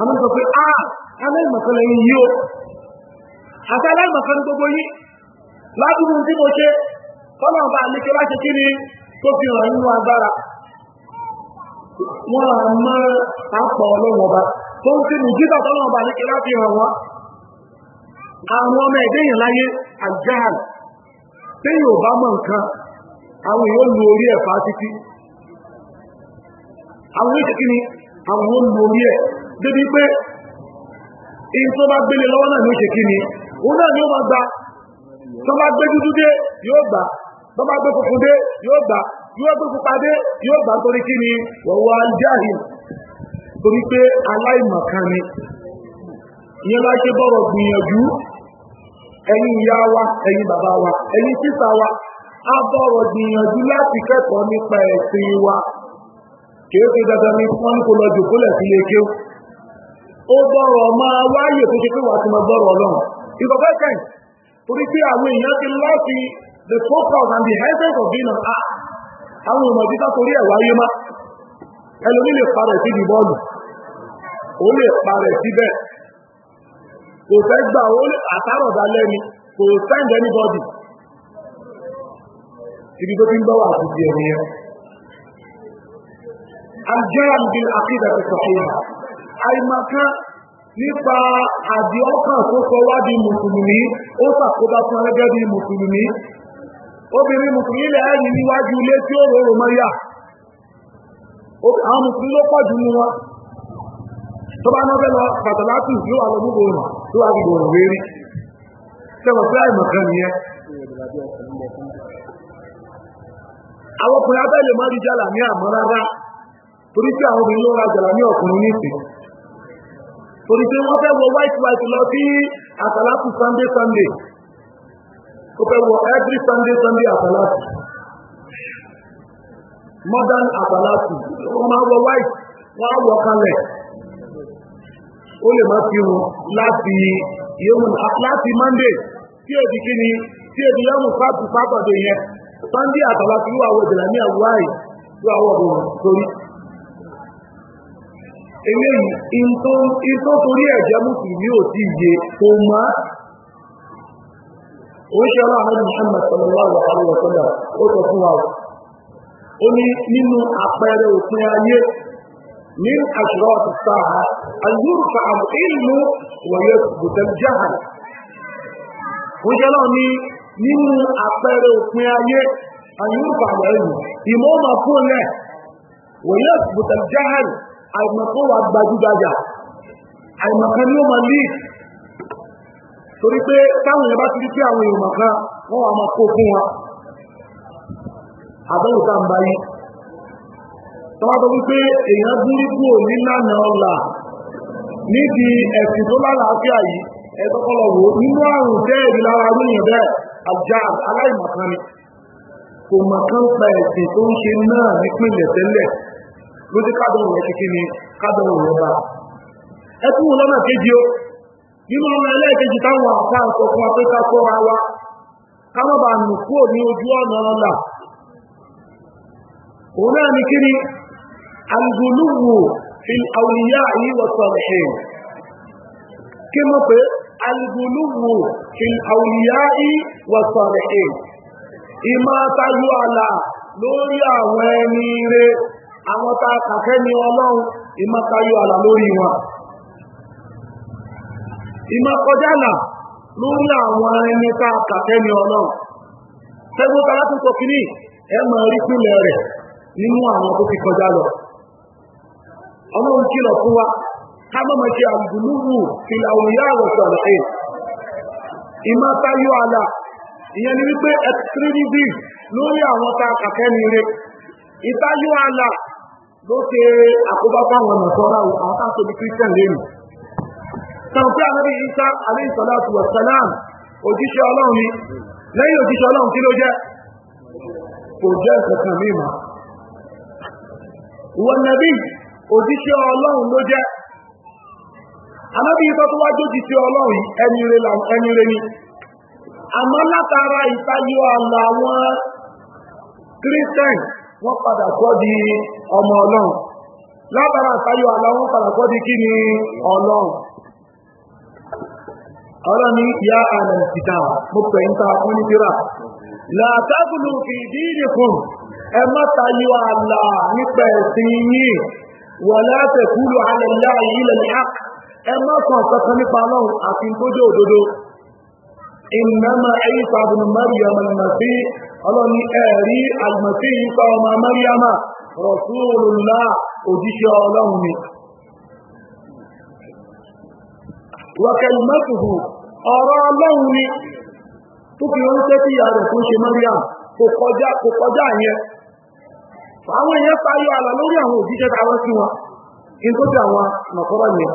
[SPEAKER 2] àwọn sọ pé a ah, aláìmọ̀kan lẹ́yìn yìí o àti aláìmọ̀kan gbogbo yìí ládùúgbò tí mo ṣe kọ́lá ọba àlejò láti kí ni tó fi hàn nínú agbára wọn à mọ àpọ̀ ọlọ́wọ́ ọba tó ń fi nìjídà tọ́lá ọba àlejò láti hàn wọ́n àwọn ọmọ ẹ̀dẹ́yìn láyé àjáàlì téèyàn ò bá mọ̀ nǹkan àwọn èèyàn lu orí ẹ̀ fa títí àwọn èèyàn ni àwọn lu orí ẹ̀ débi pé in tó bá gbélé lọ́wọ́ náà ní ó ni òun gba tó bá gbé dúdú dé yóò gbà tó bá gbé funfun dé yóò gbà yóò gbé pupa dé yóò gbà kí ni wọ̀wọ́ ajáhì torí pé aláìmọ̀kan ni ìyẹn bá ṣe gbìyànjú ẹ̀yin ìyá wa ẹ̀yin bàbá wa ẹ̀yin wa a gbìyànjú láti kẹ́kọ̀ọ́ nípa ẹ̀sìn wa kìí fi dandan ní wọ́n lọ jòkólẹ̀ sí ilé kéw ó bọ̀rọ̀ máa wáyè tó ṣe pé wà tí mo ọlọ́run kẹ́yìn torí àwọn èèyàn ti the focus and the essence of being on earth àwọn èèyàn ti sátorí ẹ̀ wáyé má ẹlòmí lè parẹ̀ sí ó lè parẹ̀ síbẹ̀ kò fẹ́ gbà send anybody ibi tó ti ń bá wà àti tiẹ̀ nìyẹn. aljaran bil nípa tó sọ wá di mùsùlùmí ó ṣàkóbá fún ẹgbẹ́ bíi mùsùlùmí obìnrin mùsùlùmí lè ẹ̀yìn níwájú ilé tí ó rọrùn mọ́yà àwọn mùsùlùmí ló pọ̀ jù wọn tó bá náà fẹ́ lọ àwọn ọkùnrin abẹ́ lè má rí jàlá ní àmọ́ rárá torí pé àwọn obìnrin ló ra jàlá ní ọkùnrin nísìn torí pé wọ́n fẹ́ wọ white white lọ sí àtàlátù sunday sunday ó fẹ́ wọ every sunday sunday àtàlátù modern àtàlátù wọ́n máa wọ white wọ́n á wọ kalẹ̀ ó lè má fi wọn láti yéwọn láti monday tí èdè ni, tí èdè yẹn mú fáàtù fáàtù ọdẹ yẹn sunday àtàlàkì yóò àwọ̀ ìjìnlẹ̀ ní àwọ̀ àì yóò àwọ̀ ọ̀dọ̀ torí eléyìí ìtò torí ẹ̀jẹ̀ mùsùlùmí ò ti yé kò má ó ń ṣe ọlọ́run Muhammad sallallahu alaihi wa sallam ó sọ fún wa ó ní nínú àpẹẹrẹ òfin nínú àpẹẹrẹ òpin ayé àyùnfà wẹ̀lú ìmọ̀ ọmọ fún lẹ̀ wòye bùtẹ̀ jẹ́hẹ̀rì àìmọ̀kan wà gbajúgbajà àìmọ̀kan ni ó máa lé torí pé táwọn èèyàn bá ti rí pé àwọn èèyàn mọ̀kan wọ́n wà máa kó fún wa àbẹ̀wò tá ń báyìí tọ́wọ́ tó wípé èèyàn dúró kúrò nílànà ọ̀la níbi ẹ̀sìn tó lálàáfíà yìí nínú àrùn bẹ́ẹ̀ àjáàl aláìmọ̀kan ni kò mọ̀kan pa ẹ̀sìn tó ń ṣe náà nípìnlẹ̀ tẹ́lẹ̀ ló ti kádùn rẹ̀ kíkí ni kádùn rẹ̀ bá ẹkùn lọ́nà kejì ó nínú ọmọ ẹlẹ́ẹ̀kejì táwọn àpá àkọ́ fún afẹ́ká kọ́ra wa káwọn bá nù kúrò ní ojú ọ̀nà ọ̀la òun náà ni kí ni alùgbòlùwò fi àwùyá yìí wọ̀ sọ̀rọ̀ kí mọ̀ pé alùgbòlùwò ìlàwùyáì wọ̀sọ̀rẹ̀ ìmọ̀ tayọ àlà lórí àwọn ẹni rẹ̀ àwọn ta kàfẹ́ ni ọlọ́run ìmọ̀ tayọ àlà lórí wọn ìmọ̀ kọjálà lórí àwọn ẹni ta kàfẹ́ ni ọlọ́run tẹ́gbó tara tó sọ kìíní ẹ mọ̀ ká má máa ṣe àgbùlùwù ìlà òyà àwọ̀sọ̀rọ̀ ẹ̀ ìmọ̀ tayọ àlà ìyẹn ni wípé extremism lórí àwọn ta kàkẹ́nire ìtayọ àlà ló ṣe àkóbá fáwọn nàṣọ́ra àwọn tá a tóbi christian lẹ́nu tàbí àmì ìsá àríṣọ́láàtù wàsálàm òjíṣẹ́ ọlọ́run ni lẹ́yìn òjíṣẹ́ ọlọ́run kí ló jẹ́ kò jẹ́ ìkọ̀kan mímọ̀ wọ̀nàbí òjíṣẹ́ ọlọ́run ló jẹ́ anábì yìí tó wá jójì sí ọlọ́run ẹni re làwọn ẹni re ni àmọ́ látara ìtayọ àlà àwọn kírísítẹ́n wọ́n padà kọ́ di ọmọ ọlọ́run látara ìtayọ àlà wọ́n padà kọ́ di kí ni ọlọ́run ọlọ́ni ya àlà ìsìta mo pè ń ta fún nítorá làtàkùlù fìdí nìkùn ẹ má tayọ àlà nípa ẹ̀sìn yìí wọ̀lá tẹ̀kùlù àlẹ́ láàyè ilẹ̀ ní àkà ẹ má kàn kankan nípa ọlọ́run àti ìgbójú òdodo ìnáma ẹ̀yípa àbùnú mariam alimasi ọlọ́ni ẹ̀rí alimasi yípa ọmọ mariama rọ̀túrùlá òjíṣẹ́ ọlọ́run ni ọ̀rọ̀ ọlọ́run ni fi ránṣẹ́ ìyá rẹ̀ tó ṣe mariam kò kọjá yẹn àwọn èèyàn parí àlà lórí àwọn òjíṣẹ́ táwọn sí wọn in tó ti àwọn nàkọ́rọ̀ yẹn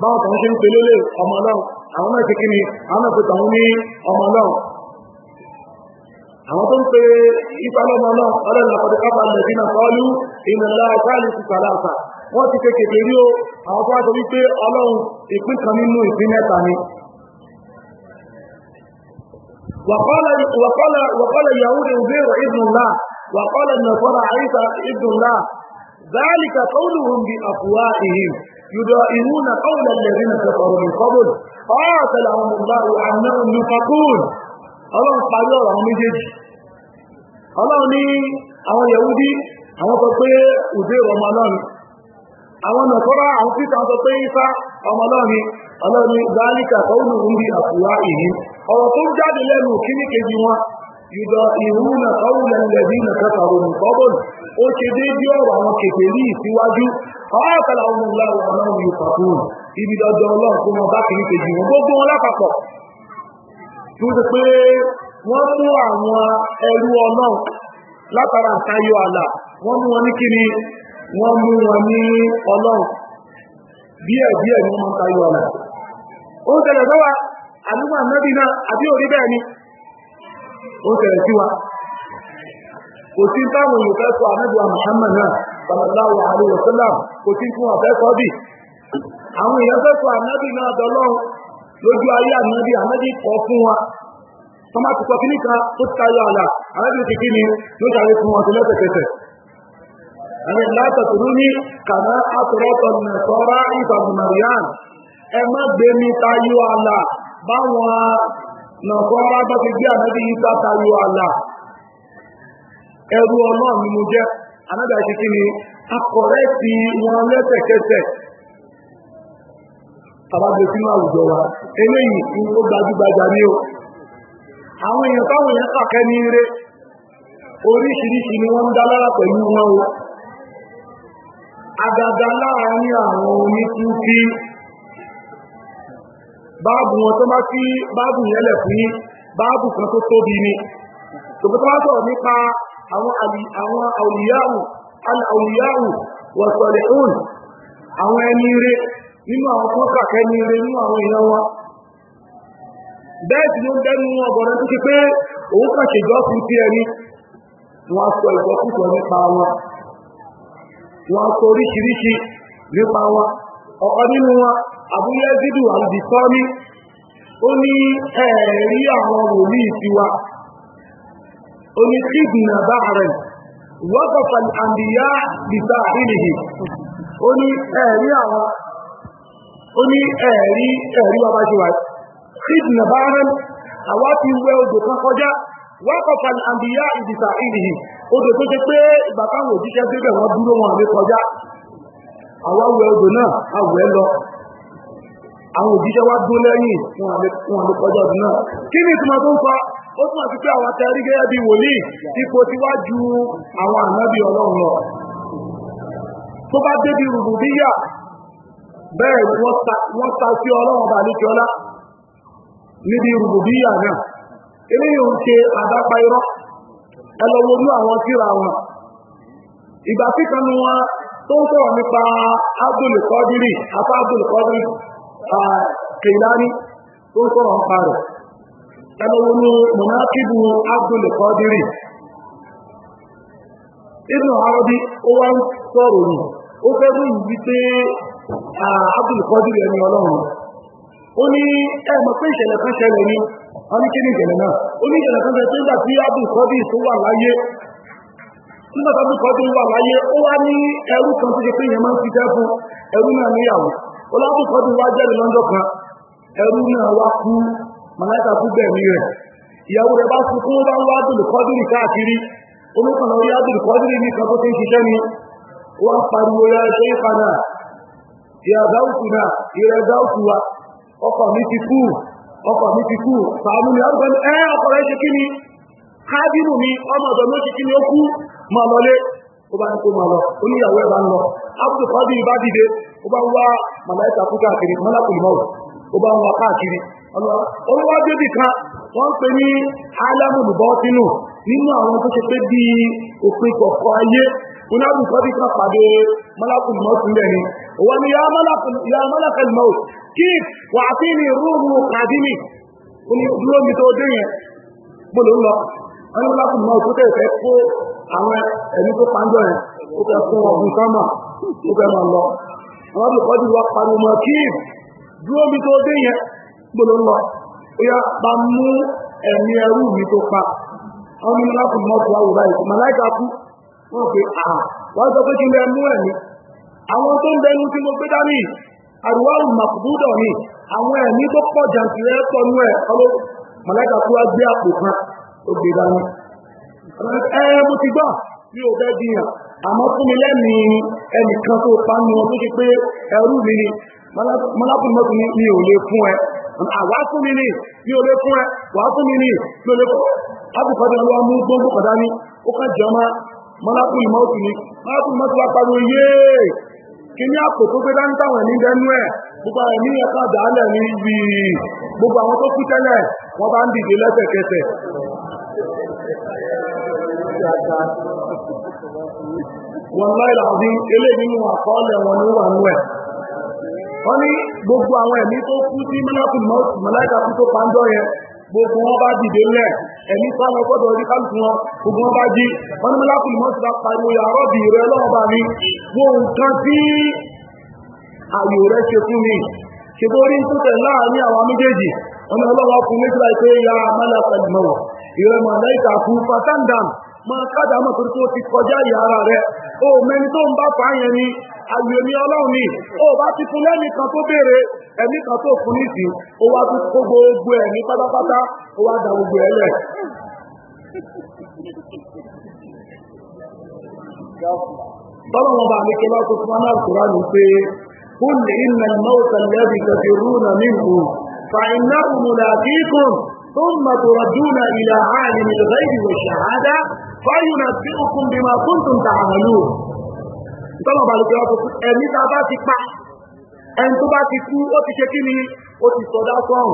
[SPEAKER 2] báwọn kan ṣe ń pe lélẹ̀ ọmọ ọlọ́run àwọn náà ti kíni àwọn náà ti tàwọn ní ọmọ ọlọ́run àwọn tó ń pe ipa lọ́mọ náà ọlọ́run àkọ́dé káfà lẹ́sìn náà kọ́ọ́lù ìmọ̀lá ìkáàlì ti sàlàsà wọ́n ti kékeré rí o àwọn tó wá wípé ọlọ́run ìpín kan nínú ìpín mẹ́ta ni وقال وقال وقال اليهود عزير ابن الله وقال النصارى عيسى ابن الله يدائرون قول الذين كفروا من قبل قاتلهم الله انهم يفقون ọlọ́run parí ọ̀rọ̀ àwọn méjèèjì ọlọ́run ní àwọn yahudi àwọn sọ pé ùdé ọmọ ọlọ́run àwọn nàkọ́rọ̀ àwọn títà sọ pé ìfà ọmọ ọlọ́run ọlọ́run ní zálíkà kọ́ùnù ń bí àfúwá ìhìn ọ̀rọ̀ tó jáde lẹ́nu kíníkejì wọn يضائعون قول الذين كفروا من قبل ó ṣe déédéé ọ̀rọ̀ àwọn kèfèrí síwájú ọ̀ọ́kàlà ọmọ ìlàrú ọlọ́run yóò pàtún ibi dandan ọlọ́run kó wọn bá kìí kejì wọn gbogbo wọn lápapọ̀ tó ṣe pé wọ́n mú àwọn ẹrú ọlọ́run látara àtayọ àlà wọ́n mú wọn ní kíni wọ́n mú wọn ní ọlọ́run díẹ̀ díẹ̀ ni wọ́n máa ń tayọ àlà ó ń tẹ̀lé sọ́wọ́ àdúgbò àmọ́bí náà àbí òrí bẹ́ẹ̀ ni ó tẹ̀lé sí wa kò sí táwọn èèyàn fẹ́ sọ àmẹ́bí wa Muhammad náà sallallahu alaihi wasallam kò sí fún ọ̀fẹ́ sọ bì àwọn èèyàn fẹ́ sọ àmẹ́bí náà dọ́lọ́run lójú ayé àmẹ́bí àmẹ́bí kọ́ fún wa tọ́má ti sọ kíní tó tayọ àlà àmẹ́bí ti kí ni ló ṣàrí fún wọn sí lẹ́sẹ̀kẹsẹ̀ àmì látàtúrú ní kàmá àtúrọ́tọ̀ nẹ̀sọ́rá ìfàgùnmọ̀ríyàn ẹ má gbé mi tayọ àlà báwọn na bá ti gbé ànábì Ìsá tayọ àlà ẹrú ọlọ́run jẹ mo jẹ́ ànábì àṣìkí ni akọ̀rẹ́ ti wọn lẹ́sẹ̀kẹsẹ̀ tàbájọ sínú àwùjọ wa eléyìí tí ó gbajúgbajà ní o àwọn èèyàn táwọn èèyàn kàkẹ́ ní ni wọ́n ń dá pẹ̀lú wọn o àgàgà àwọn báàbù wọn tó bá fi báàbù yẹn lẹ̀ fún yín báàbù kan tó tóbi ni tòkó tó sọ̀rọ̀ nípa àwọn àwòlíyáwò aláwòlíyáwò wọ̀sọ̀lẹ̀ òun àwọn ẹni ire nínú àwọn tó kàkẹ́ ní nínú àwọn èèyàn wọn bẹ́ẹ̀ sì ló ń dẹnu tó ti pé òun kàn fún wọ́n sọ nípa wọn wọ́n àbúyẹ́zídù àlùbìsọ́rí ó ní ẹ̀ẹ̀rí àwọn wòlíì tiwa ó isiwa, ṣígbìnà bá rẹ̀ wọ́pọ̀pọ̀ àbíyá bìbá ìrìhì ó ní ẹ̀ẹ̀rí àwọn ó ní ẹ̀ẹ̀rí ẹ̀ẹ̀rí ọrụ ṣe wà ṣígbìnà bá rẹ̀ àwa ti wẹ odò kan kọjá odò tó ṣe pé ìgbà táwọn òjíṣẹ́ wọ́n lọ àwọn òjíṣẹ́ wá dún lẹ́yìn wọn àlè kọjá ọdún náà kí ni ìtumọ̀ tó ń fa ó túnmọ̀ sí pé àwọn atẹ́rí gẹ́gẹ́ bí wòlíì ipò ti wá ju àwọn ànábì ọlọ́run lọ tó bá débi rùbùbíyà bẹ́ẹ̀ wọ́n ta sí ọlọ́run ọba àlejòọ́lá níbi rùbùbíyà náà eléyìí ń ṣe àdápa irọ́ lọ àwọn síra wọn ìgbà wọn tó ń sọ̀rọ̀ nípa kìláni tó sọ̀rọ̀ ń parẹ̀ ẹlọ́wọ́ ní ó wá ń sọ̀rọ̀ ní ó fẹ́ mú ẹni ọlọ́run ó ní ẹ̀mọ̀ pé ìṣẹ̀lẹ̀ ṣẹlẹ̀ ní ìṣẹ̀lẹ̀ náà ó ní ìṣẹ̀lẹ̀ ṣẹlẹ̀ tó gbà tó wà láyé nígbà wà láyé ó wá ní ẹrú kan tó ṣe pé ìyẹn ọlọ́kùnkọ́ ti wá jẹ́rìí lọ́jọ́ kan ẹrú náà wá kú màláìka kú bẹ̀mí rẹ̀ ìyàwó rẹ̀ bá kú kún bá ń wá dùn kọ́dúrì káàkiri olùkọ́ lọ rí àdùn kọ́dúrì ní kan tó ń ṣiṣẹ́ ni wọ́n pariwo ya ṣe é padà ìyàgá òkú náà ìrẹ̀gá òkú wa ọkọ̀ mi ti kú ọkọ̀ mi ti kú sàánú ni àrùkọ́ ni ẹ́ ọkọ̀ rẹ̀ ṣe kí ni káàdínù mi ọmọ ọ̀dọ̀ ló ṣe kí ni ó kú mọ̀ lọlé ó bá ní kó mọ̀ lọ oníyàwó ẹ̀ bá ń lọ àbùkù kọ́dúrì bá dìde ó bá wá màláìka kú káàkiri mọ́lákùn mọ́wọ̀ ó bá wá káàkiri olúwa débì kan wọ́n pè ní alámùlùbọ́ sínú nínú àwọn tó ṣe pé bí òpin kọ̀ọ̀kọ̀ ayé onábùkọ́ bí kan pàdé mọ́lákùn mọ́ sílẹ̀ ni òwà ni ya mọ́lákùn mọ́ kí wà tí ní rúrù kàdínì ó ní dúró mi tó dé yẹn mo ló ń lọ wọ́n ní mọ́lákùn mọ́ tó tẹ̀ fẹ́ kó àwọn ẹni tó pàǹdọ̀ yẹn ó fẹ́ fún ọdún sámà ó fẹ́ máa lọ àwọn àbíkọ́jú wa pariwo mọ́ kí dúró mi tó dé yẹn gbọ́dọ̀ lọ ó yá bá mú ẹ̀mí ẹrú mi tó pa àwọn mímú láti mọ́tò àwòrán yìí màláìka kú wọ́n pe àà wọ́n sọ pé kí lè mú ẹ̀mí àwọn tó ń bẹnu tí mo gbé dání àrùwárù màkùbúdọ̀ ni àwọn ẹ̀mí tó pọ̀ jàǹtìrẹ́ tọ́nú ẹ̀ ọlọ́ màláìka kú wá gbé àpò kan ó gbé dání ẹ mo ti gbà mi ò fẹ́ dìyàn àmọ́ fún mi lẹ́mìí ẹnìkan tó pa mú tó ti pé ẹrú mi ni mọ́lápùmọ́tù mi ò lè fún ẹ àwá fún mi ni mi ò lè fún ẹ wà fún mi ní mi ò lè fún ápùpàdà lọ mú gbogbo pàdá ní ó ká mọ́lápùmọ́tù ni mọ́lápùmọ́tù wá pariwo yéè kí ní àpò tó gbé dáńtàwọn ẹ̀mí dẹnu ẹ̀ gbogbo àwọn ẹ̀mí ẹ̀ka àdáálẹ̀ ní ibi gbogbo àwọn tó kú tẹ́lẹ̀ wọ́n bá ń dìde lẹ́sẹ̀kẹsẹ̀ wọn láì làbí eléyìí nínú àkọọ́lẹ̀ wọn ní wà nú ẹ̀ wọ́n ní gbogbo àwọn ẹ̀mí tó kú sí mẹ́lẹ́kù mọ́ọ̀tù mẹ́lẹ́kà kú tó pàǹdọ̀ yẹn gbogbo wọn bá dìde lẹ̀ ẹ̀mí sáwọn gbọ́dọ̀ rí kálukú wọn gbogbo wọn bá jí wọ́n ní mẹ́lẹ́kù mọ́ọ̀tù bá pariwo yàrá ọ̀bì rẹ lọ́wọ́ bá mi wo nǹkan tí àyò rẹ ṣe fún mi ṣètò orí tó tẹ̀ láàrin àwọn méjèèjì wọn ni ọlọ́wọ́ fún méjìlá ìpé ya mẹ́lẹ́kù mọ́ọ̀ o mẹni tó ń bá fà yẹn ni àyè ni ọlọ́run ni o bá ti fún lẹ́nì kan tó béèrè ẹ̀mí kan tó fún nídìí o wá tún kó gbogbo ẹ̀ ní pátápátá o wá da gbogbo ẹ̀ lẹ̀. Bọ́lọ̀wọ̀n bá ní kí tó fún wọn náà kúrò ní pé قل إن الموت الذي تفرون منه فإنه ملاقيكم ثم تردون إلى عالم الغيب والشهادة báyìí náà sí okun bí máa fún tòun tààrà lò ìtọ́lọ̀ balùwẹ̀ ọkọ̀ ẹ̀mí tá a bá ti pa ẹni tó bá ti kú ó ti ṣe kí ni ó ti sọdá sọ́run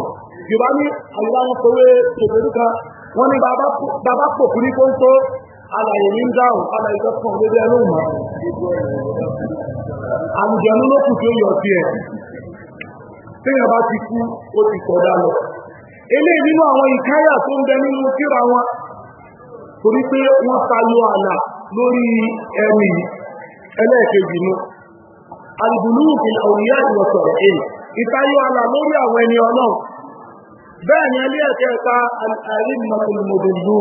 [SPEAKER 2] yorùbá ní àyíká wọn pèwé tòkèrú kan wọn ní bàbá pòkú ní kóńtó alàyè ní dáhùn alàyè tó kàn lórí ẹnu mọ́ àlùjẹ̀nu ló kù tó yọ tiẹ̀ téèyàn bá ti kú ó ti sọdá lọ eléyìí nínú àwọn ìkáyà tó ń bẹ nínú kíra wọn torí pé wọ́n tayọ àlà lórí ẹni ẹlẹ́ẹ̀kejì mú alìbùlú ìlà òyìnbá ìwọ̀sọ̀rọ̀ èyí ìtayọ àlà lórí àwọn ẹni ọlọ́run bẹ́ẹ̀ ni ẹlẹ́ ẹ̀kẹta àrímọ̀tòlùmọ̀dòdò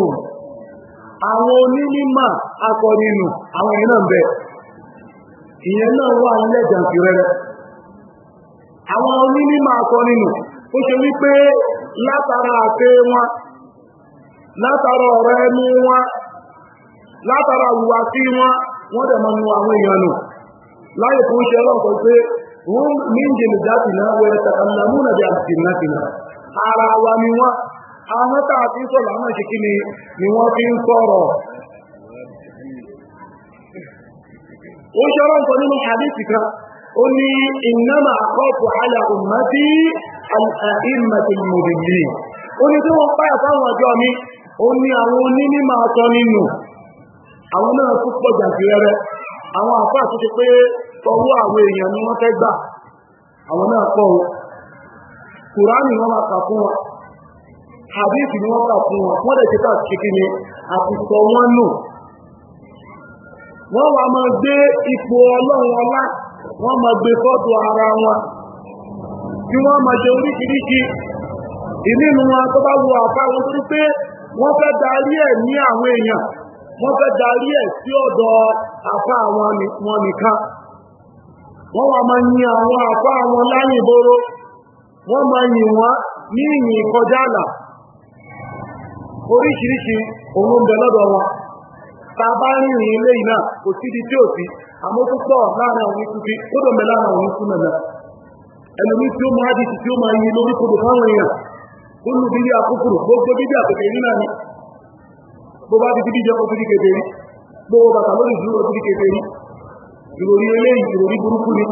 [SPEAKER 2] àwọn onímọ̀ akọrinù àwọn ẹni náà bẹ̀ látara ọ̀rọ̀ ẹnu wọn látara sí wọ́n dẹ̀ ma nu àwọn èèyàn nù láyé fún ṣe ọlọ́pọ̀ pé wọ́n ní ìjìnlẹ̀ jáde náà wẹ̀ tàbí múnà bí
[SPEAKER 3] àti náà
[SPEAKER 2] ara wa ni wọ́n àwọn tá a fi sọ̀rọ̀ àwọn ìṣe kíni ni wọ́n fi ń sọ̀rọ̀ ó ṣe ọlọ́pọ̀ nínú ó ní àwọn onímọ̀ atọ́ nínú àwọn náà tó pọ̀ jàǹtìrẹrẹ àwọn àfáà tó pé ọwọ́ àwọn èèyàn ni wọ́n fẹ́ gbà àwọn náà pọ̀ o kùránì wọn máa kà fún wọn ni wọ́n kà fún wọn wọ́n lè ṣe ká ni àti sọ wọ́n nù ara wọn kí máa ṣe oríṣiríṣi ìlú wọn tó bá àfáà wọn wọ́n fẹ́ darí ẹ̀ ní àwọn èèyàn wọ́n fẹ́ darí ẹ̀ sí ọ̀dọ̀ apá wọn nìkan wọ́n wá máa yin àwọn apá wọn láyìnbóró wọ́n máa yìn wọ́n ní ìyìn kọjá àlà oríṣiríṣi òun bẹ lọ́dọ̀ wọn ta bá rìnrìn ilé yìí náà kò tí ò sí láàrin àwọn àwọn ẹlòmí tí ó máa tí ó máa yin kúlù bíbí akúkúrù gbogbo bíbí àkùkùrù nínà ni gbogbo àti bíbí jẹ́ kókó kékeré rí gbogbo bàtà lórí ìdúró kókó kékeré rí ìròrí eléyìí ìròrí burúkú ni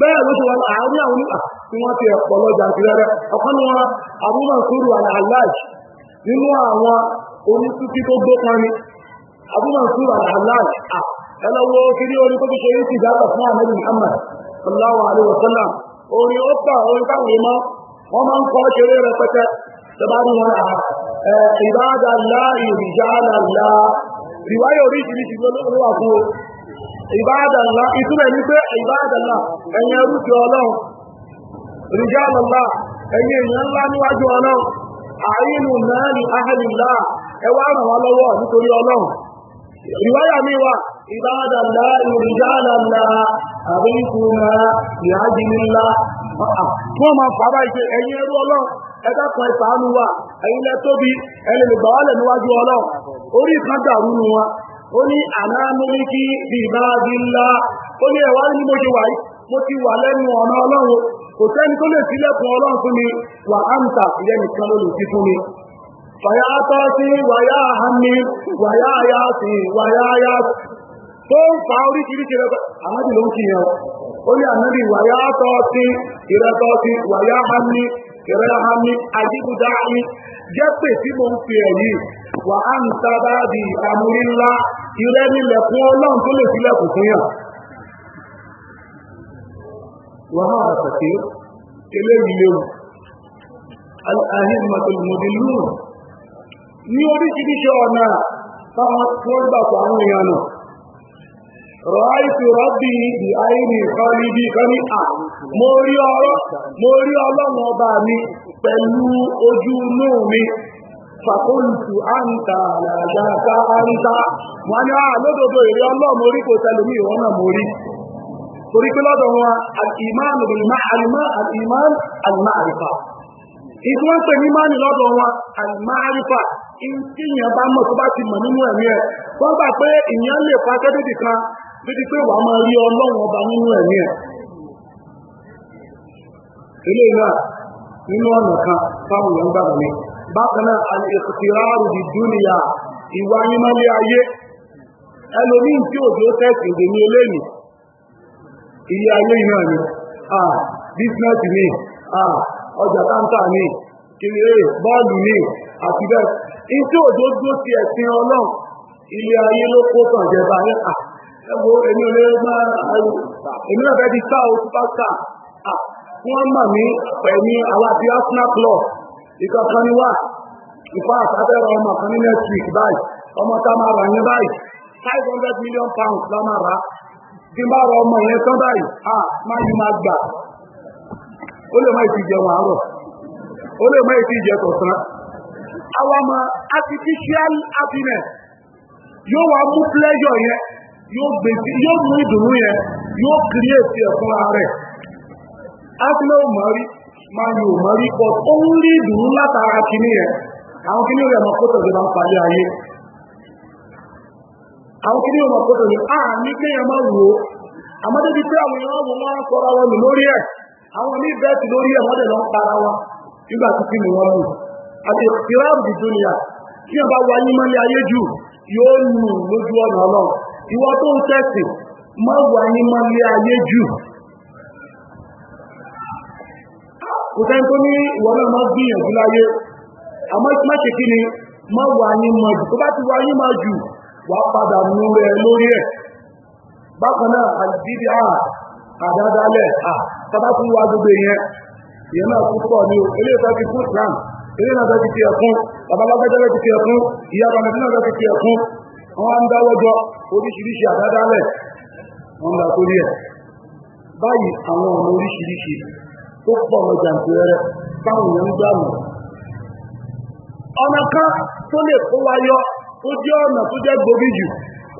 [SPEAKER 2] bẹ́ẹ̀ ló ṣe wọn àárín àwọn onígbà tí wọ́n ti ẹ̀pọ̀ lọ́jà ìrẹ́rẹ́ ọ̀kan ni wọn àbúrò sórí àlàáj nínú àwọn onítútí tó gbé kan ni àbúrò sórí àlàáj ẹlọ́wọ́ kiri orí tó fi ṣe é ti dábà fún àmẹ́lì Muhammad sallallahu alaihi wasallam orin ó pa orin táwọn èèmọ́ wọ́n máa ń kọ́ kéré rẹpẹtẹ tó bá ní wọn àhà ìbáàdà ńlá ìrìjáàlà ńlá ìwáyọ̀ oríṣiríṣi ló wà fún o ìbáàdà ńlá ìtumọ̀ ní pé ìbáàdà ńlá ẹ̀yin ẹrú ti ọlọ́run ìrìjáàlà ńlá ẹ̀yin èèyàn ńlá níwájú ọlọ́run àyínú náà ní ahẹ́lì ńlá ẹ wá ràn wá lọ́wọ́ nítorí ọlọ́run ìwáyà mi wà ìbáàdà ńlá ìrìjáàlà ńlá àríkùnà ìhájìmí ńlá kí wọ́n máa fàbá ìpè ẹ̀yin ẹrú ọlọ́run ẹ̀ka kan ìfàánú wa ẹ̀yin lẹ tóbi ẹ̀yin lè gbà wá lẹ̀ níwájú ọlọ́run orí kan dàrú nu wọn ó ní ànámúríkì bìbáàbílá ó ní ẹ̀wá ní mo ti wà yìí mo ti wà lẹ́nu ọ̀nà ọlọ́run kò sẹ́ni tó lè sílẹ̀kùn ọlọ́run fún mi wà áǹtà ìyẹn nìkan ló lè sí fún mi wàyá tọ́sí wàyá hàmí wàyá yá sí wàyá yá tó ń fa oríṣiríṣi rẹ̀ àmọ́ onye anaghị waya ata ọtị ìrẹta ọtí waya hami ìrẹta hami àdìgúdá ayé jẹ́ pé mo wa fi di àmúrí ire ìrẹ́ nílẹ̀kùn ọlọ́run tó lè sílẹ̀kùn fún
[SPEAKER 1] yàn. eléyìí
[SPEAKER 2] léwu ní rọ́ìtì rọ́bì ìdí àìní ìkọ́ni bí ìkọ́ni à mo rí ọ̀rọ̀ mo rí ọlọ́run ọba mi pẹ̀lú ojú inú mi fàkóǹtù àǹtà àlàjáká àǹtà wọn ni àlódodo ìrí ọlọ́run orí kò tẹlùmí ìwọ náà mo rí torí pé lọ́dọ̀ wọn àtìmáàlù ìmá àlìmá àtìmáàlù àlìmá àrífà ìtú wọn pè ní máàlì lọ́dọ̀ wọn àlìmá àrífà ìtìyàn bá mọ̀ tó bá ti mọ̀ nínú ẹ̀mí ẹ̀ wọ́n gbà pé ìyẹn lè fa tẹ́lẹ̀dì kan débi pé wàá máa rí ọlọ́run ọba nínú ẹ̀mí ẹ̀. ìlú à nínú ọ̀nà kan táwọn èèyàn gbàgbọ́ ni bákan náà àlèkùtìráàrù di dúnìyà ìwà nímọ́lé ayé ẹlòmíì tí òjò tẹ̀sí òde ní iye ayé náà ni bísínẹ́sì ni ọjà táǹtà ni kiri eh, bọ́ọ̀lù ni àti bẹ́ẹ̀ ní tí òjò ti ẹ̀sìn ọlọ́run ilé ayé ló kó sàn jẹba ẹ wo èmi ò lè èmi náà fẹ́ di star o superstar wọ́n mọ̀ mí pẹ̀lú àwọn arsenal club ìkọ̀kan ni wà ìfọ́ àtàbẹ̀rẹ̀ ọmọ kan ní báyìí ọmọ máa rà yẹn báyìí five hundred million pounds la máa rà bí rọ ọmọ yẹn tán báyìí máa yí máa gbà ó lè má ìtìjẹ wọn àárọ̀ ó lè má ìtìjẹ tọ̀sán àwọn ọmọ artificial happiness yóò wá yóò gbé sí yóò mú ìdùnnú yẹn yóò kiri èsì ẹ̀fún ààrẹ asile ò mọ rí máa yóò mọ rí pọ ó ń rí ìdùnnú látara kìíní yẹn àwọn kìíní rẹ̀ mọ̀ kótó ìjọba ń parí ayé àwọn kìíní rẹ̀ mọ̀ kótó ìjọba à ní kéèyàn máa wò ó àmọ́ débi pé àwọn èèyàn ọmọ máa ń sọra wọn nù lórí ẹ̀ àwọn ní bẹ́ẹ̀tì lórí ẹ̀ wọ́n dẹ̀ lọ ń para wọn nígbà tí kí ni wọ́n lù àti ìráàbù dùnìyà tí wọ́n bá wáyé mọ́lẹ̀ ayé jù yóò nù lójú ọ̀nà ọlọ́run ìwọ tó ń tẹ̀sì má wà ní mọ́lé ayé jù kò sẹ́ni tó ní ìwọ náà má gbìyànjú láyé àmọ́ ni má wà ní mọ́ jù tó bá ti wà ní ma jù wà padà nú rẹ lórí ẹ̀ bákan náà àdìdí àà àdádálẹ̀ àà tọ́bá tún wá gbogbo ìyẹn ìyẹn náà tún pọ̀ ní o ilé ìfẹ́ fi fún Islam ilé náà fẹ́ fi ti ẹ̀kún babalágbẹ́jẹ́ fẹ́ fi wọ́n ń dáwọ́jọ́ oríṣiríṣi àdádálẹ̀ wọ́n dá torí ẹ̀ báyìí àwọn ọ̀nà oríṣiríṣi tó pọ̀ lọ jàǹtìrẹ́rẹ́ táwọn èèyàn ń gbà mọ̀ ọ̀nà kan tó lè kó wa yọ tó jẹ́ ọ̀nà tó jẹ́ gbòógì jù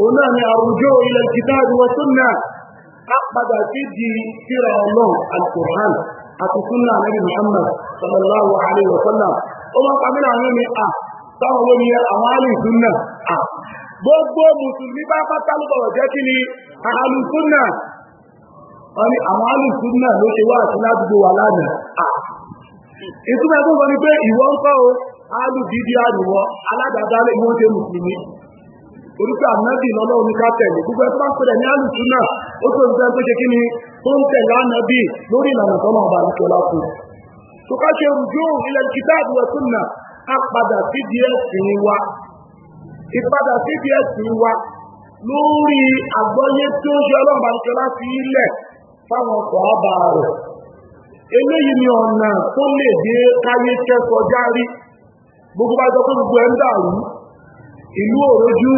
[SPEAKER 2] òun náà ni àrùjọ ilẹ̀ kìtàbí wa sunnah á padà sí di síra ọlọ́run alukur'an àti sunnah nabi muhammad sallallahu alayhi wa sallam ó máa pàmílà àwọn mi à táwọn olóyè àwọn alì à gbogbo musulmi bá pátá ló bọ̀rọ̀ jẹ́ kí ni àlùsúnà wọ́n àwọn àlùsúnà ló ṣe wá àti ládùúgbò wa lánàá ìtumọ̀ ẹ̀kọ́ sọ ni pé ìwọ ń kọ́ o alùdídí àrùwọ aládàádálẹ̀ ìwọ́n ṣe mùsùlùmí orúkọ ànábì ká tẹ̀lé gbogbo ní ó pé ṣe kí ni ń tẹ̀lé ànábì lórí ìpadà síbi wa lórí àgbọ́yé tí ó ṣe ọlọ́mọbàṣọ láti ilẹ̀ fáwọn ọkọ̀ ọba rẹ̀ eléyìí ni ọ̀nà tó lè dé káyé kẹ́kọ̀ọ́ járí gbogbo bá jọ pé gbogbo ẹ̀ ń dàrú ìlú òròjú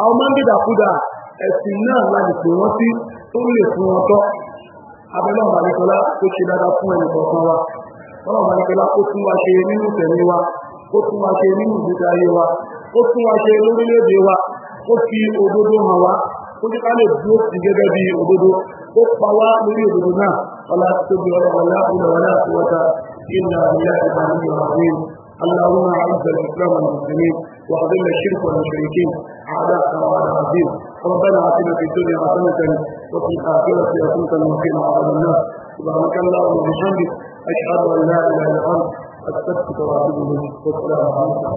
[SPEAKER 2] àwọn máa ẹ̀sìn náà láti pè wọ́n
[SPEAKER 1] sí tó lè fún wọn tọ́ abẹ́lẹ́ ṣe dáadáa fún
[SPEAKER 2] ó fún wa ṣe lórílẹ̀-èdè wa ó fi òdodo hàn wá ó ní ká lè gẹ́gẹ́
[SPEAKER 1] bí òdodo ó pa wá lórí òdodo إلا بالله العلي العظيم اللهم أعز الإسلام والمسلمين وأذل الشرك والمشركين أعداءك وأعداء ربنا آتنا في الدنيا حسنة وفي الآخرة حسنة وقنا عذاب النار سبحانك اللهم وبحمدك أشهد أن لا إله إلا أنت أستغفرك وأتوب إليك والسلام عليكم